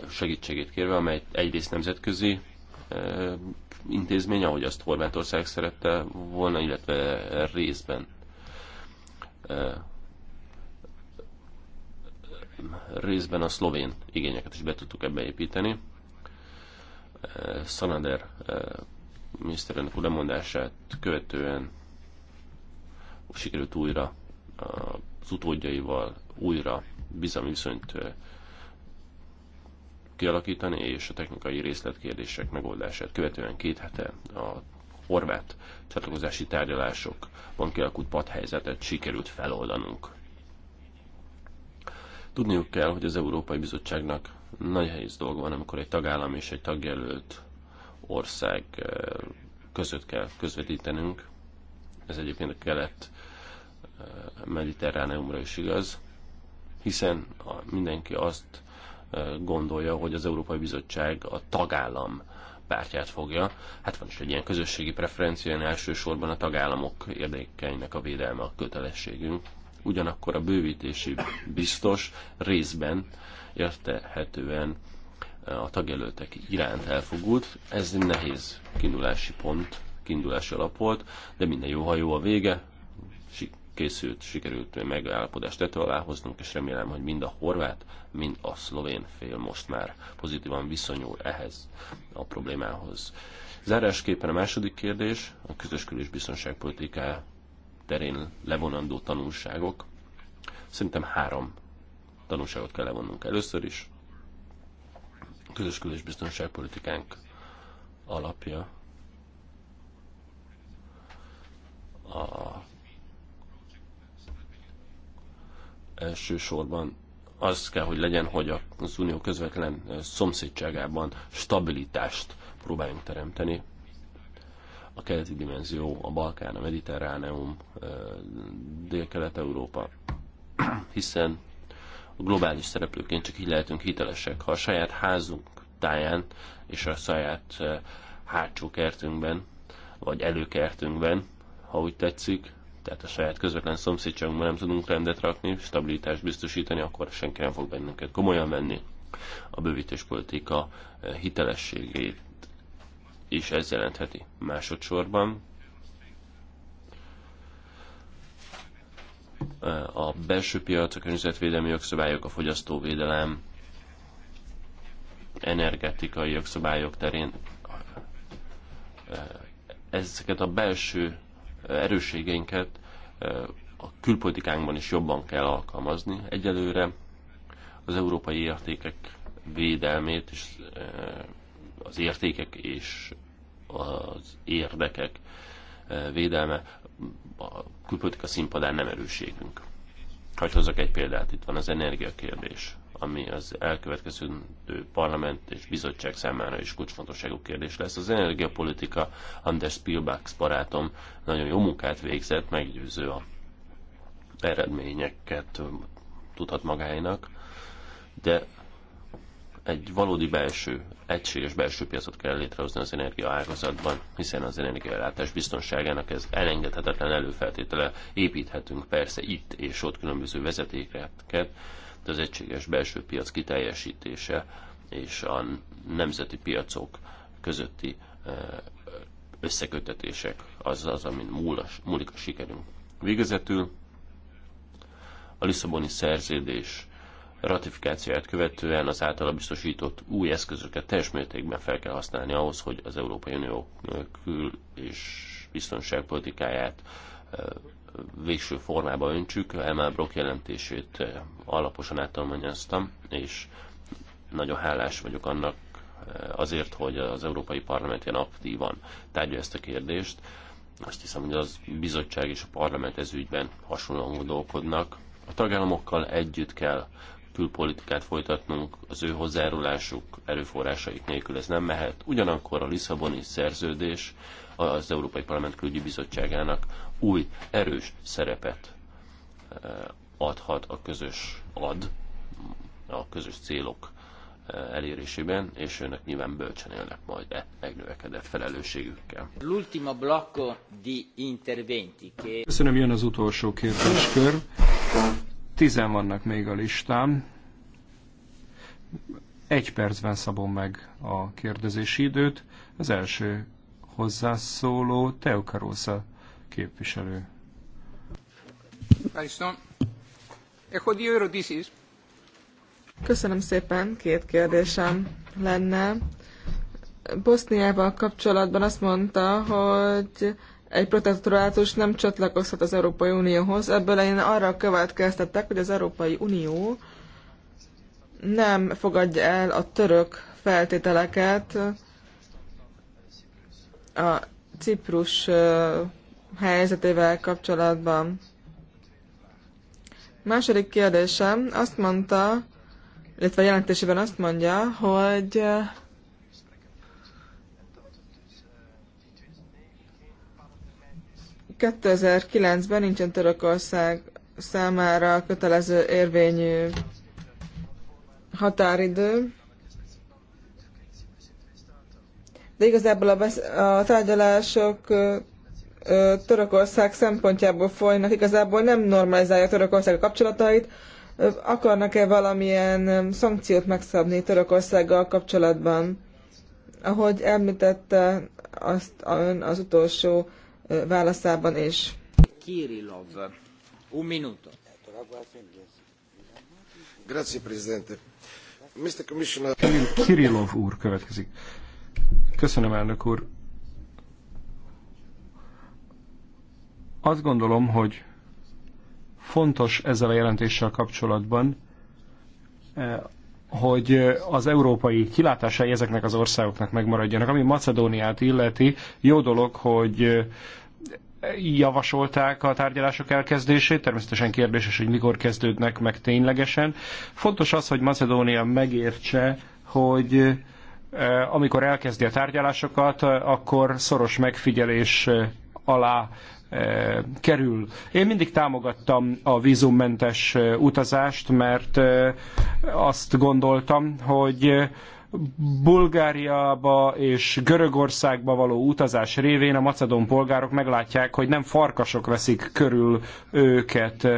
segítségét kérve, amely egyrészt nemzetközi intézmény, ahogy azt Horvátország szerette volna, illetve részben részben a szlovén igényeket is be tudtuk ebbe építeni. Szanader miniszterelnök lemondását követően sikerült újra az utódjaival újra bizalmi viszonyt kialakítani, és a technikai részletkérdések megoldását követően két hete a horvát csatlakozási tárgyalásokban kialakult padhelyzetet sikerült feloldanunk. Tudniuk kell, hogy az Európai Bizottságnak nagy helyes dolga van, amikor egy tagállam és egy tagjelölt ország eh, között kell közvetítenünk. Ez egyébként a kelet eh, mediterráneumra is igaz, hiszen mindenki azt gondolja, hogy az Európai Bizottság a tagállam pártját fogja. Hát van is egy ilyen közösségi preferencián elsősorban a tagállamok érdekeinek a védelme a kötelességünk. Ugyanakkor a bővítési biztos részben értehetően a tagjelöltek iránt elfogult. Ez egy nehéz kiindulási pont, kiindulási alap volt, de minden jó, ha jó a vége, készült, sikerült megállapodást tető alá hoznunk, és remélem, hogy mind a horvát, mint a szlovén fél most már pozitívan viszonyul ehhez a problémához. Zárásképpen a második kérdés, a közös kül- és biztonságpolitiká terén levonandó tanulságok. Szerintem három tanulságot kell levonnunk. Először is a közös és biztonságpolitikánk alapja a elsősorban az kell, hogy legyen, hogy az unió közvetlen szomszédságában stabilitást próbáljunk teremteni. A keleti dimenzió, a Balkán, a Mediterráneum, Dél-Kelet-Európa, hiszen a globális szereplőként csak így lehetünk hitelesek. Ha a saját házunk táján és a saját hátsó kertünkben, vagy előkertünkben, ha úgy tetszik, tehát a saját közvetlen szomszédságunkban nem tudunk rendet rakni, stabilitást biztosítani, akkor senki nem fog bennünket komolyan venni. A bővítéspolitika eh, hitelességét is ez jelentheti. Másodszorban eh, a belső piac, a környezetvédelmi jogszabályok, a fogyasztóvédelem, energetikai jogszabályok terén eh, ezeket a belső erősségeinket a külpolitikánkban is jobban kell alkalmazni. Egyelőre az európai értékek védelmét és az értékek és az érdekek védelme a külpolitika színpadán nem erőségünk. Hagy hozzak egy példát, itt van az energiakérdés ami az elkövetkező parlament és bizottság számára is kulcsfontosságú kérdés lesz. Az energiapolitika Anders Spielbachs barátom nagyon jó munkát végzett, meggyőző a eredményeket tudhat magáinak, de egy valódi belső, egységes belső piacot kell létrehozni az energia ágazatban, hiszen az energiaellátás biztonságának ez elengedhetetlen előfeltétele. Építhetünk persze itt és ott különböző vezetékeket, az egységes belső piac kiteljesítése és a nemzeti piacok közötti összekötetések az az, amin múl, múlik a sikerünk. Végezetül a Lisszaboni szerződés ratifikációját követően az általa biztosított új eszközöket teljes mértékben fel kell használni ahhoz, hogy az Európai Unió kül- és biztonságpolitikáját végső formába öntsük. Emel Brock jelentését eh, alaposan áttalmányoztam, és nagyon hálás vagyok annak eh, azért, hogy az Európai Parlament ilyen aktívan tárgya ezt a kérdést. Azt hiszem, hogy az bizottság és a parlament ez hasonlóan gondolkodnak. A tagállamokkal együtt kell külpolitikát folytatnunk, az ő hozzájárulásuk, erőforrásaik nélkül ez nem mehet. Ugyanakkor a Lisszaboni szerződés az Európai Parlament Külügyi Bizottságának új, erős szerepet eh, adhat a közös ad, a közös célok eh, elérésében, és önök nyilván bölcsen élnek majd e megnövekedett felelősségükkel. L'ultimo blocco di interventi. Köszönöm, jön az utolsó kérdéskör. Tizen vannak még a listán. Egy percben szabom meg a kérdezési időt. Az első hozzászóló Teokarosa képviselő. Köszönöm szépen, két kérdésem lenne. Boszniával kapcsolatban azt mondta, hogy egy protektorátus nem csatlakozhat az Európai Unióhoz. Ebből én arra következtettek, hogy az Európai Unió nem fogadja el a török feltételeket a Ciprus helyzetével kapcsolatban. Második kérdésem azt mondta, illetve a jelentésében azt mondja, hogy ...2009-ben eh, nincsen Törökország számára kötelező érvényű határidő. De igazából a, besz- a tárgyalások eh, Törökország szempontjából folynak, igazából nem normalizálja Törökország a kapcsolatait. Akarnak-e valamilyen szankciót megszabni Törökországgal kapcsolatban? Ahogy említette azt ön az utolsó válaszában is. Kirillov, un minuto. Grazie, Presidente. Mr. Commissioner... Kirillov úr következik. Köszönöm, elnök úr Azt gondolom, hogy fontos ezzel a jelentéssel kapcsolatban, eh, hogy az európai kilátásai ezeknek az országoknak megmaradjanak. Ami Macedóniát illeti, jó dolog, hogy eh, javasolták a tárgyalások elkezdését, természetesen kérdéses, hogy mikor kezdődnek meg ténylegesen. Fontos az, hogy Macedónia megértse, hogy eh, amikor elkezdi a tárgyalásokat, akkor szoros megfigyelés alá E, kerül. Én mindig támogattam a vízummentes e, utazást, mert e, azt gondoltam, hogy Bulgáriába és Görögországba való utazás révén a macedón polgárok meglátják, hogy nem farkasok veszik körül őket.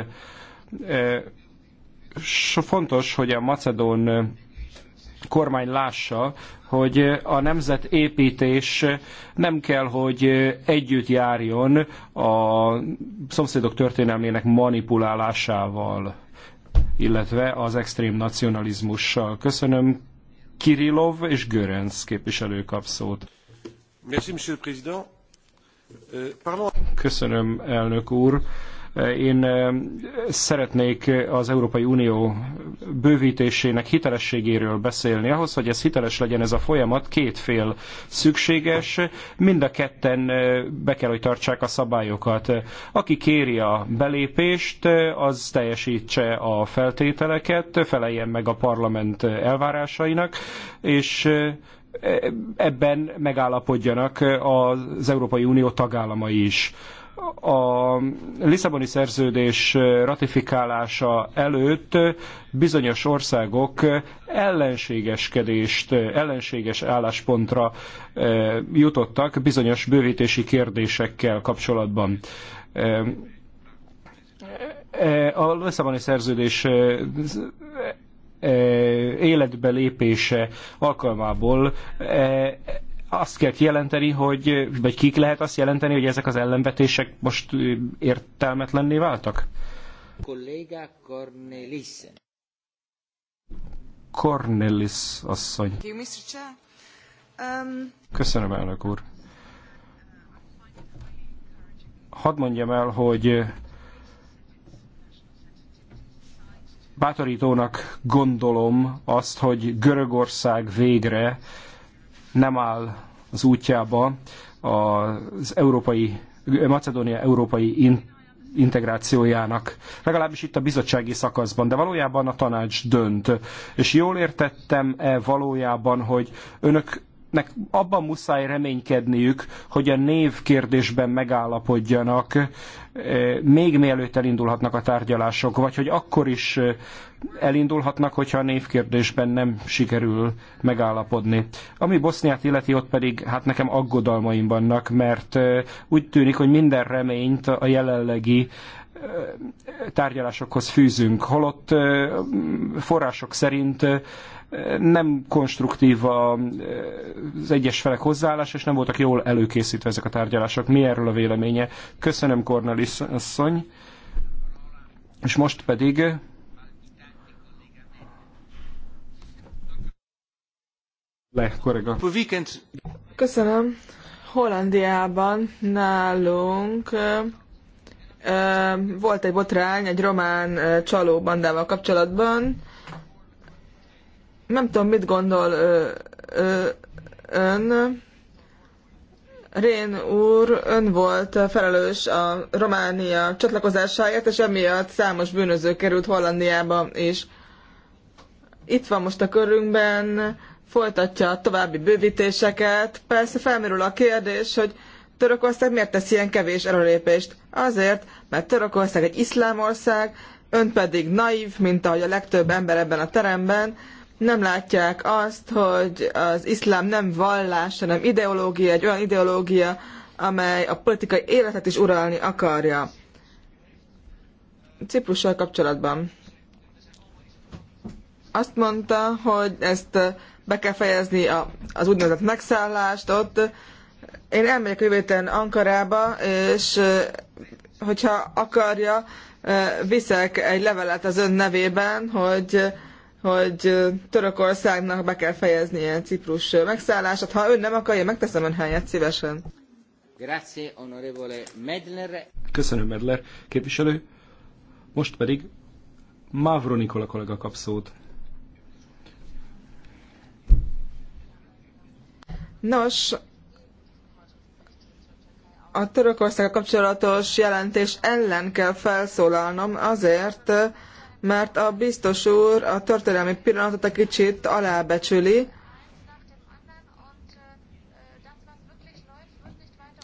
Fontos, hogy a macedón kormány lássa, hogy a nemzetépítés nem kell, hogy együtt járjon a szomszédok történelmének manipulálásával, illetve az extrém nacionalizmussal. Köszönöm Kirilov és Görenc képviselő kap szót. Euh, Köszönöm, elnök úr. Én szeretnék az Európai Unió bővítésének hitelességéről beszélni. Ahhoz, hogy ez hiteles legyen ez a folyamat, két fél szükséges. Mind a ketten be kell, hogy tartsák a szabályokat. Aki kéri a belépést, az teljesítse a feltételeket, feleljen meg a parlament elvárásainak, és ebben megállapodjanak az Európai Unió tagállamai is a Lisszaboni szerződés ratifikálása előtt bizonyos országok ellenségeskedést, ellenséges álláspontra e, jutottak bizonyos bővítési kérdésekkel kapcsolatban. E, e, a Lisszaboni szerződés életbe lépése alkalmából azt kell kijelenteni, hogy, vagy kik lehet azt jelenteni, hogy ezek az ellenvetések most értelmetlenné váltak? Kolléga Cornelissen. Cornelis asszony. Um, Köszönöm, elnök úr. Hadd mondjam el, hogy bátorítónak gondolom azt, hogy Görögország végre nem áll az útjába az európai, Macedónia európai integrációjának, legalábbis itt a bizottsági szakaszban, de valójában a tanács dönt. És jól értettem-e valójában, hogy önök nek abban muszáj reménykedniük, hogy a név kérdésben megállapodjanak, eh, még mielőtt elindulhatnak a tárgyalások, vagy hogy akkor is eh, elindulhatnak, hogyha a névkérdésben nem sikerül megállapodni. Ami Boszniát illeti, ott pedig hát nekem aggodalmaim vannak, mert eh, úgy tűnik, hogy minden reményt a jelenlegi tárgyalásokhoz fűzünk, holott források szerint nem konstruktív az egyes felek hozzáállása, és nem voltak jól előkészítve ezek a tárgyalások. Mi erről a véleménye? Köszönöm, Cornelis asszony. És most pedig le, korrega. Köszönöm. Hollandiában nálunk volt egy botrány egy román csaló bandával kapcsolatban. Nem tudom, mit gondol ön. Rén úr, ön volt felelős a Románia csatlakozásáért, és emiatt számos bűnöző került Hollandiába is. Itt van most a körünkben, folytatja a további bővítéseket. Persze felmerül a kérdés, hogy Törökország miért tesz ilyen kevés erőlépést, Azért, mert Törökország egy iszlám ország, ön pedig naív, mint ahogy a legtöbb ember ebben a teremben, nem látják azt, hogy az iszlám nem vallás, hanem ideológia, egy olyan ideológia, amely a politikai életet is uralni akarja. Ciprussal kapcsolatban. Azt mondta, hogy ezt be kell fejezni a, az úgynevezett megszállást ott, én elmegyek jövő héten Ankarába, és hogyha akarja, viszek egy levelet az ön nevében, hogy hogy Törökországnak be kell fejeznie Ciprus megszállását. Ha ön nem akarja, megteszem ön helyet szívesen. Grazie, onorevole Medler. Köszönöm, Medler képviselő. Most pedig Mávro Nikola kollega kap szót. Nos, a Törökország kapcsolatos jelentés ellen kell felszólalnom azért, mert a biztos úr a történelmi pillanatot egy kicsit alábecsüli,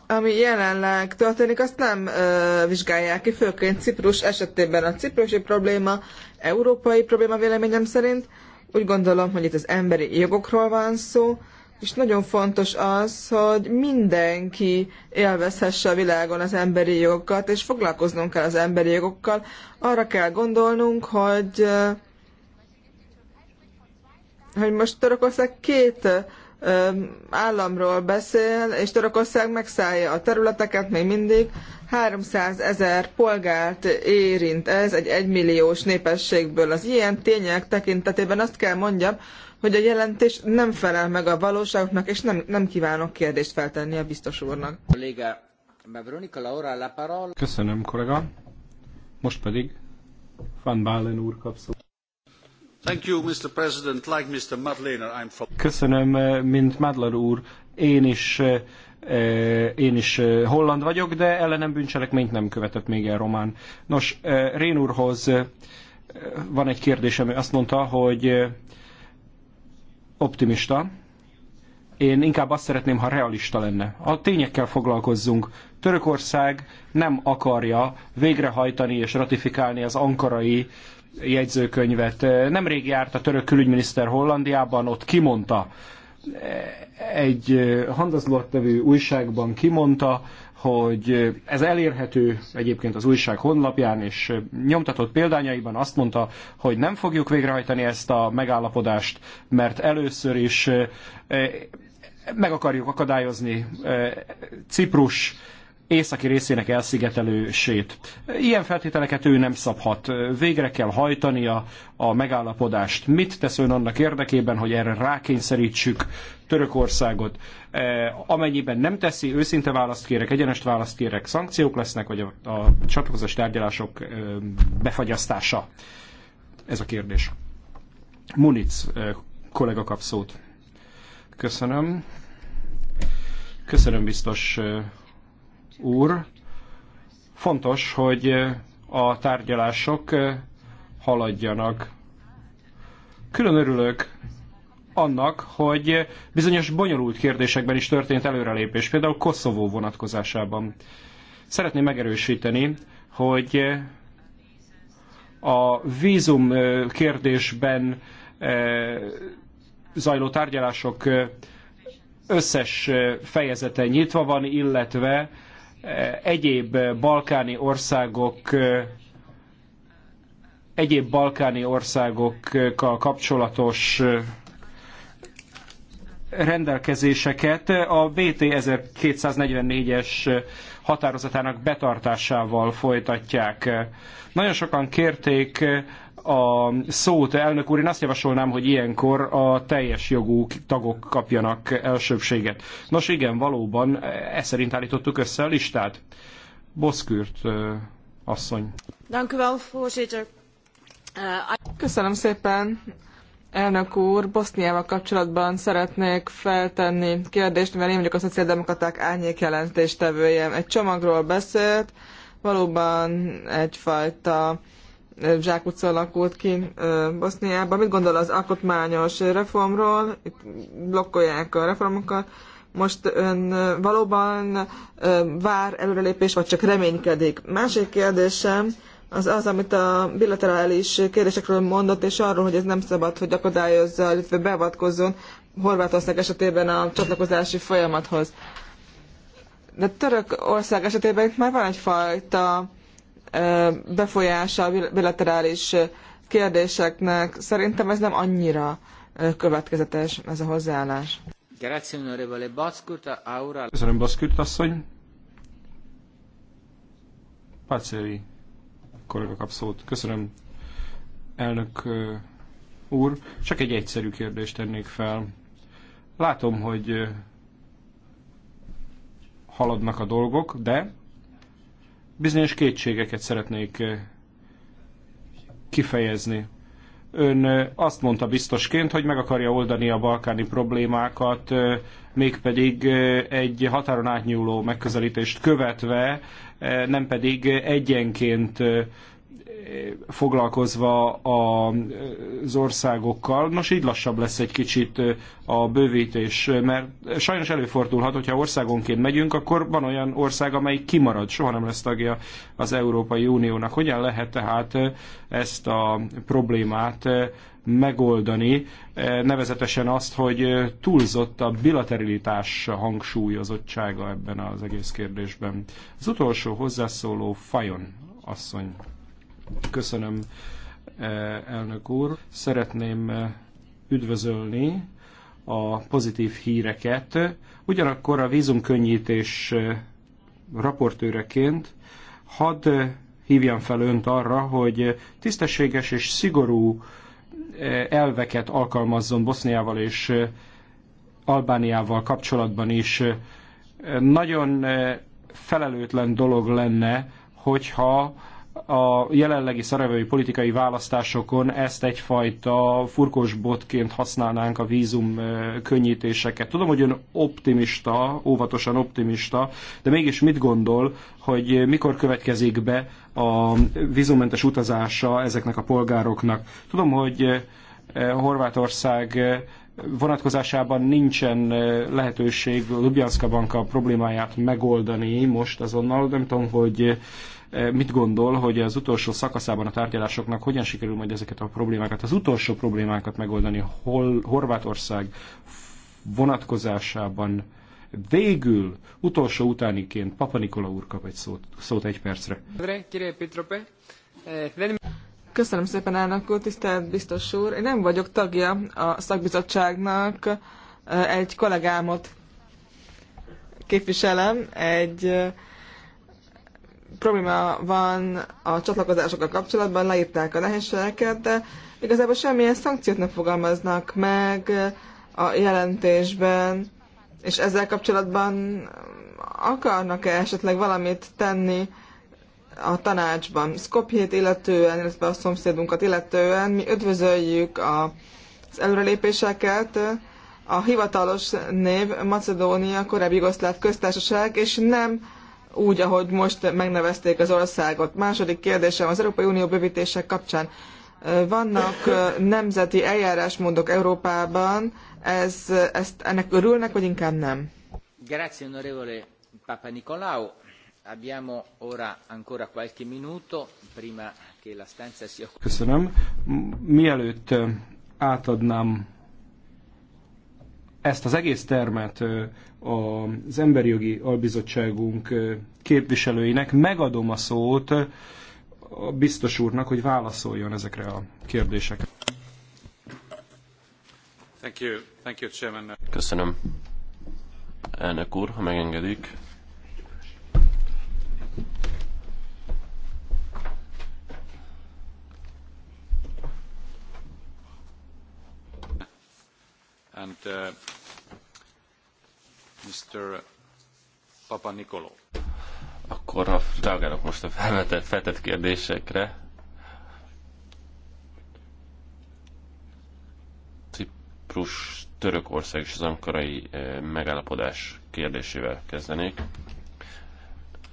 ami jelenleg történik, azt nem ö, vizsgálják ki, főként Ciprus esetében a ciprusi probléma, európai probléma véleményem szerint. Úgy gondolom, hogy itt az emberi jogokról van szó, és nagyon fontos az, hogy mindenki élvezhesse a világon az emberi jogokat, és foglalkoznunk kell az emberi jogokkal. Arra kell gondolnunk, hogy, eh, hogy most Törökország két államról beszél, és Törökország megszállja a területeket még mindig. 300 ezer polgárt érint ez egy egymilliós népességből. Az ilyen tények tekintetében azt kell mondjam, hogy a jelentés nem felel meg a valóságoknak, és nem, nem kívánok kérdést feltenni a biztos úrnak. Köszönöm, kollega. Most pedig Van Balen úr kap szó. Köszönöm, eh, mint Madler úr. Én is, eh, eh, én is holland vagyok, de ellenem bűncselekményt nem követett még el román. Nos, Rén úrhoz van egy kérdésem. Ő azt mondta, hogy optimista. Én inkább azt szeretném, ha realista lenne. A tényekkel foglalkozzunk. Törökország nem akarja végrehajtani és ratifikálni az ankarai jegyzőkönyvet. Nemrég járt a török külügyminiszter Hollandiában, ott kimondta, egy Handelsblatt nevű újságban kimondta, hogy ez elérhető egyébként az újság honlapján, és nyomtatott példányaiban azt mondta, hogy nem fogjuk végrehajtani ezt a megállapodást, mert először is eh, meg akarjuk akadályozni eh, Ciprus északi részének elszigetelését. Ilyen feltételeket ő nem szabhat. Végre kell hajtania a megállapodást. Mit tesz ön annak érdekében, hogy erre rákényszerítsük Törökországot? E, amennyiben nem teszi, őszinte választ kérek, egyenest választ kérek, szankciók lesznek, vagy a, a csatlakozási tárgyalások e, befagyasztása? Ez a kérdés. Munic e, kollega kap szót. Köszönöm. Köszönöm biztos úr. Fontos, hogy a tárgyalások haladjanak. Külön örülök annak, hogy bizonyos bonyolult kérdésekben is történt előrelépés, például Koszovó vonatkozásában. Szeretném megerősíteni, hogy a vízum kérdésben zajló tárgyalások összes fejezete nyitva van, illetve egyéb balkáni országok egyéb balkáni országokkal kapcsolatos rendelkezéseket a BT 1244-es határozatának betartásával folytatják. Nagyon sokan kérték a szót, elnök úr, én azt javasolnám, hogy ilyenkor a teljes jogú tagok kapjanak elsőbséget. Nos igen, valóban, e szerint állítottuk össze a listát. Boszkürt asszony. Eh, Köszönöm szépen. Elnök úr, Boszniával kapcsolatban szeretnék feltenni kérdést, mert én vagyok a szociáldemokraták árnyék jelentéstevője. Egy csomagról beszélt, valóban egyfajta zsákutca alakult ki Boszniában. Mit gondol az alkotmányos reformról? Itt blokkolják a reformokat. Most ön valóban vár előrelépés, vagy csak reménykedik? Másik kérdésem az az, amit a bilaterális kérdésekről mondott, és arról, hogy ez nem szabad, hogy akadályozza, illetve beavatkozzon Horvátország esetében a csatlakozási folyamathoz. De Törökország esetében itt már van egyfajta befolyása a bilaterális kérdéseknek. Szerintem ez nem annyira következetes ez a hozzáállás. Köszönöm, Baszkürt asszony. Pácéli kollega kap szót. Köszönöm, elnök úr. Csak egy egyszerű kérdést tennék fel. Látom, hogy haladnak a dolgok, de Bizonyos kétségeket szeretnék eh, kifejezni. Ön eh, azt mondta biztosként, hogy meg akarja oldani a balkáni problémákat, eh, mégpedig egy határon átnyúló megközelítést követve, nem pedig egyenként foglalkozva az országokkal. Nos, így lassabb lesz egy kicsit a bővítés, mert sajnos előfordulhat, hogyha országonként megyünk, akkor van olyan ország, amely kimarad, soha nem lesz tagja az Európai Uniónak. Hogyan lehet tehát ezt a problémát megoldani, nevezetesen azt, hogy túlzott a bilaterilitás hangsúlyozottsága ebben az egész kérdésben. Az utolsó hozzászóló Fajon asszony. Köszönöm, eh, elnök úr. Szeretném eh, üdvözölni a pozitív híreket. Ugyanakkor a vízumkönnyítés eh, raportőreként hadd hívjam fel önt arra, hogy tisztességes és szigorú elveket alkalmazzon Boszniával és Albániával kapcsolatban is. Nagyon felelőtlen dolog lenne, hogyha a jelenlegi szarajevői politikai választásokon ezt egyfajta furkos botként használnánk a vízum könnyítéseket. Tudom, hogy ön optimista, óvatosan optimista, de mégis mit gondol, hogy mikor következik be a vízummentes utazása ezeknek a polgároknak? Tudom, hogy Horvátország vonatkozásában nincsen lehetőség Lubjanszka banka problémáját megoldani most azonnal. Nem tudom, hogy mit gondol, hogy az utolsó szakaszában a tárgyalásoknak hogyan sikerül majd ezeket a problémákat, az utolsó problémákat megoldani, hol Horvátország vonatkozásában végül utolsó utániként Papa Nikola úr kap egy szót, szót egy percre. Köszönöm szépen, elnök úr, tisztelt biztos úr. Én nem vagyok tagja a szakbizottságnak, egy kollégámot képviselem, egy probléma van a csatlakozásokkal kapcsolatban, leírták a nehézségeket, de igazából semmilyen szankciót nem fogalmaznak meg a jelentésben, és ezzel kapcsolatban akarnak-e esetleg valamit tenni a tanácsban? Skopjét illetően, illetve a szomszédunkat illetően mi üdvözöljük a, az előrelépéseket, a hivatalos név Macedónia, korábbi Jugoszláv köztársaság, és nem úgy, ahogy most megnevezték az országot. Második kérdésem az Európai Unió bővítése kapcsán. Vannak nemzeti eljárásmódok Európában, ez, ezt, ennek örülnek, vagy inkább nem? Grazie, onorevole Papa Nicolau. Abbiamo ora ancora qualche minuto prima che la stanza sia... Köszönöm. Mielőtt átadnám ezt az egész termet az Emberi Jogi Albizottságunk képviselőinek. Megadom a szót a biztos úrnak, hogy válaszoljon ezekre a kérdésekre. Thank you. Thank you, Chairman. Köszönöm. Elnök úr, ha megengedik. And uh, Mr. Papa Akkor a reagálok most a felvetett, feltett kérdésekre. Ciprus, Törökország és az ankarai eh, megállapodás kérdésével kezdenék.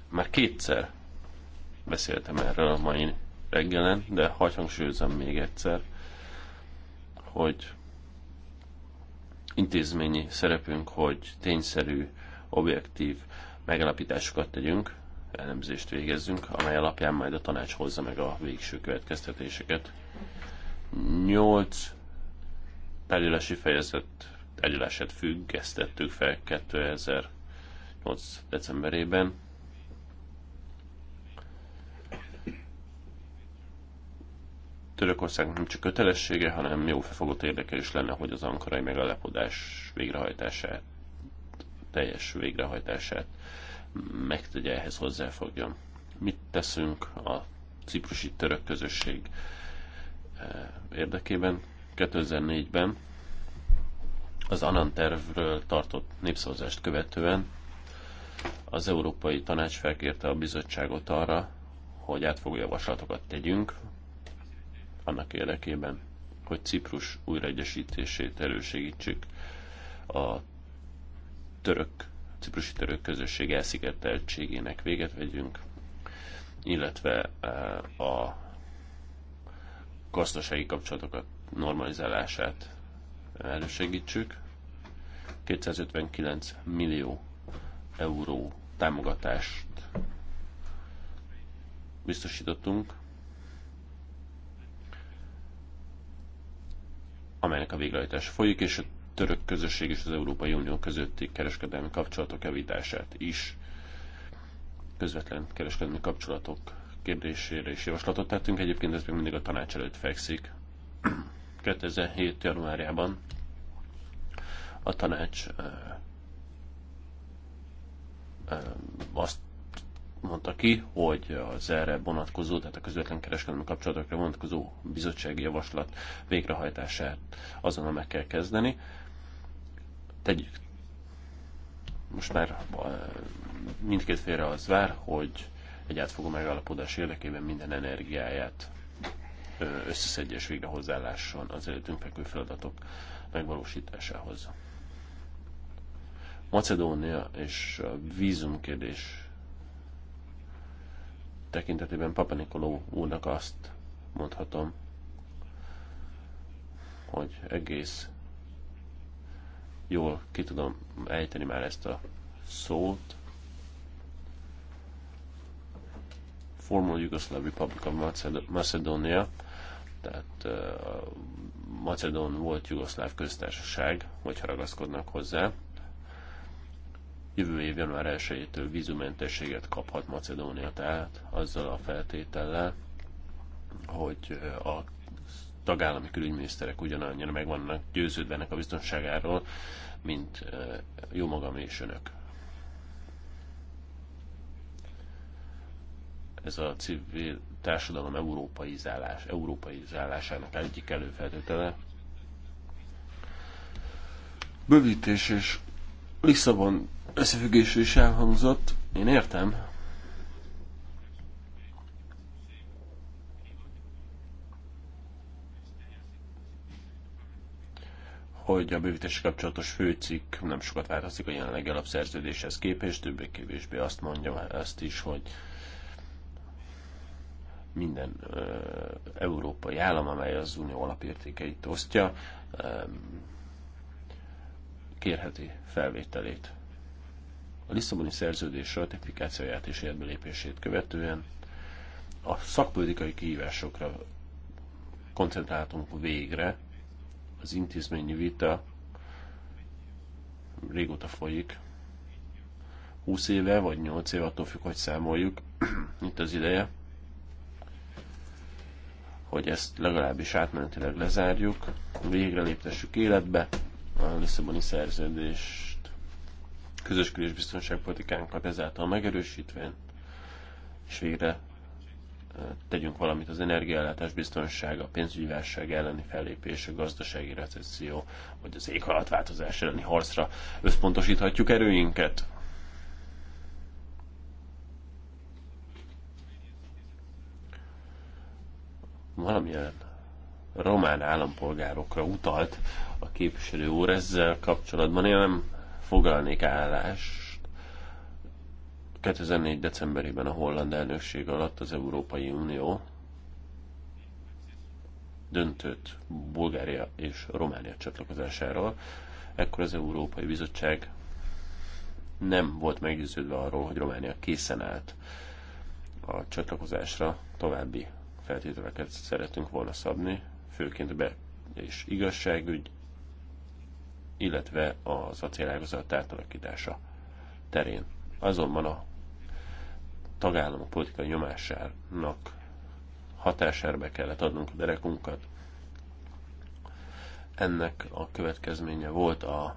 Már kétszer beszéltem erről a mai reggelen, de hagyj hangsúlyozom még egyszer, hogy intézményi szerepünk, hogy tényszerű, objektív megállapításokat tegyünk, elemzést végezzünk, amely alapján majd a tanács hozza meg a végső következtetéseket. Nyolc tárgyalási fejezet tárgyalását függesztettük fel 2008. decemberében. Törökországnak nem csak kötelessége, hanem jó felfogott érdeke is lenne, hogy az ankarai megalapodás végrehajtását, teljes végrehajtását megtegye, ehhez hozzáfogja. Mit teszünk a ciprusi török közösség eh, érdekében? 2004-ben az Anan tervről tartott népszavazást követően az Európai Tanács felkérte a bizottságot arra, hogy átfogó javaslatokat tegyünk annak érdekében, hogy Ciprus újraegyesítését elősegítsük a török, ciprusi török közösség elszigeteltségének véget vegyünk, illetve eh, a gazdasági kapcsolatokat normalizálását eh, elősegítsük. 259 millió euró támogatást biztosítottunk amelynek a végrehajtás folyik, és a török közösség és az Európai Unió közötti kereskedelmi kapcsolatok javítását is közvetlen kereskedelmi kapcsolatok kérdésére is javaslatot tettünk. Egyébként ez még mindig a tanács előtt fekszik. 2007. <clears throat> januárjában a tanács azt mondta ki, hogy az erre vonatkozó, tehát a közvetlen kereskedelmi kapcsolatokra vonatkozó bizottsági javaslat végrehajtását azonnal meg kell kezdeni. Tegyük. Most már eh, mindkét félre az vár, hogy egy átfogó megállapodás érdekében minden energiáját eh, összeszedje és végre hozzálásson az előttünk fekvő feladatok megvalósításához. Macedónia és a kérdés tekintetében Nikoló úrnak azt mondhatom, hogy egész jól ki tudom ejteni már ezt a szót. Formal Yugoslav Republic of Macedonia, tehát uh, Macedón volt Jugoszláv köztársaság, hogyha ragaszkodnak hozzá. Jövő év január 1-től vízumentességet kaphat Macedónia, tehát azzal a feltétellel, hogy a tagállami külügyminiszterek ugyanannyira meg vannak győződve ennek a biztonságáról, mint jó magam és önök. Ez a civil társadalom európai zállás, európai zállásának egyik előfeltétele. Bővítés és Lisszabon összefüggésű is elhangzott, én értem. hogy a bővítés kapcsolatos főcikk nem sokat változik a jelenlegi alapszerződéshez képest, többé-kevésbé azt mondja ezt is, hogy minden ö, európai állam, amely az unió alapértékeit osztja, ö, kérheti felvételét. A Lisszaboni szerződés ratifikációját és érbelépését követően a szakpolitikai kihívásokra koncentráltunk végre, az intézményi vita régóta folyik, 20 éve vagy 8 éve, attól függ, hogy számoljuk, <clears throat> itt az ideje, hogy ezt legalábbis átmenetileg lezárjuk, végre léptessük életbe, a Lisszaboni szerződést, közös kül- és biztonságpolitikánkat ezáltal megerősítve, és végre tegyünk valamit az energiállátás biztonsága, pénzügyi válság elleni fellépés, a gazdasági recesszió, vagy az éghajlatváltozás elleni harcra összpontosíthatjuk erőinket. Valamilyen román állampolgárokra utalt a képviselő úr ezzel kapcsolatban. Én nem foglalnék állást. 2004. decemberében a holland elnökség alatt az Európai Unió döntött Bulgária és Románia csatlakozásáról. Ekkor az Európai Bizottság nem volt meggyőződve arról, hogy Románia készen állt a csatlakozásra, további feltételeket szeretünk volna szabni főként be és igazságügy, illetve az acélágazat átalakítása terén. Azonban a tagállamok politikai nyomásának hatására be kellett adnunk a derekunkat. Ennek a következménye volt a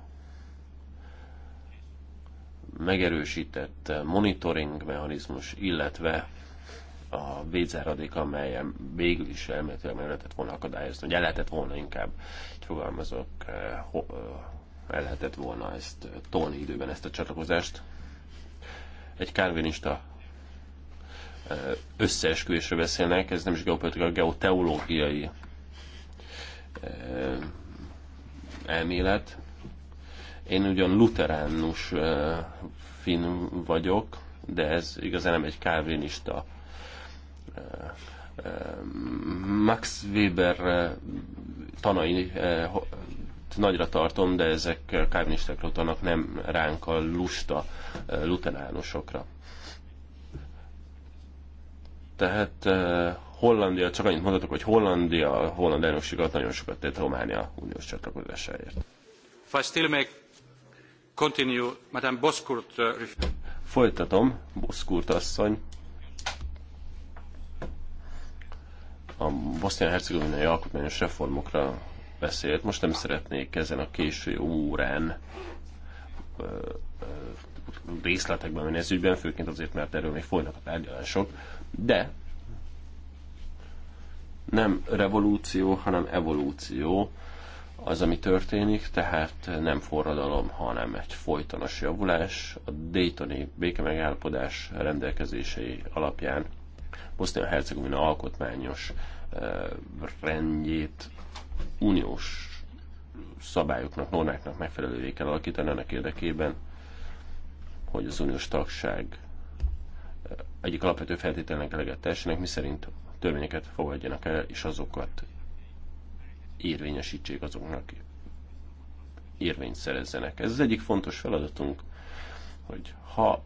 megerősített monitoring mechanizmus, illetve a védzáradék, amelyen végül is elméletileg meg lehetett volna akadályozni, hogy el lehetett volna inkább, hogy fogalmazok, eh, eh, el lehetett volna ezt eh, tolni időben ezt a csatlakozást. Egy kárvinista összeesküvésről beszélnek, ez nem is geopolitika, geoteológiai elmélet. Én ugyan luteránus finn vagyok, de ez igazán nem egy kálvinista Max Weber eh, tanai eh, nagyra tartom, de ezek kálvinistákra utalnak, nem ránk a lusta eh, luteránusokra. Tehát Hollandia, csak annyit mondhatok, hogy Hollandia, a holland elnökséget nagyon sokat tett Románia uniós csatlakozásáért. Continue, Madame Folytatom, Boszkurt asszony. a bosznia-hercegovinai alkotmányos reformokra beszélt. Most nem szeretnék ezen a késő órán részletekben menni ez ügyben, főként azért, mert erről még folynak a tárgyalások, de nem revolúció, hanem evolúció az, ami történik, tehát nem forradalom, hanem egy folytonos javulás. A Daytoni békemegállapodás rendelkezései alapján Bosznia-Hercegovina alkotmányos rendjét uniós szabályoknak, normáknak megfelelővé kell alakítani annak érdekében, hogy az uniós tagság egyik alapvető feltételnek eleget tessenek, miszerint törvényeket fogadjanak el, és azokat érvényesítsék azoknak, érvényt szerezzenek. Ez az egyik fontos feladatunk, hogy ha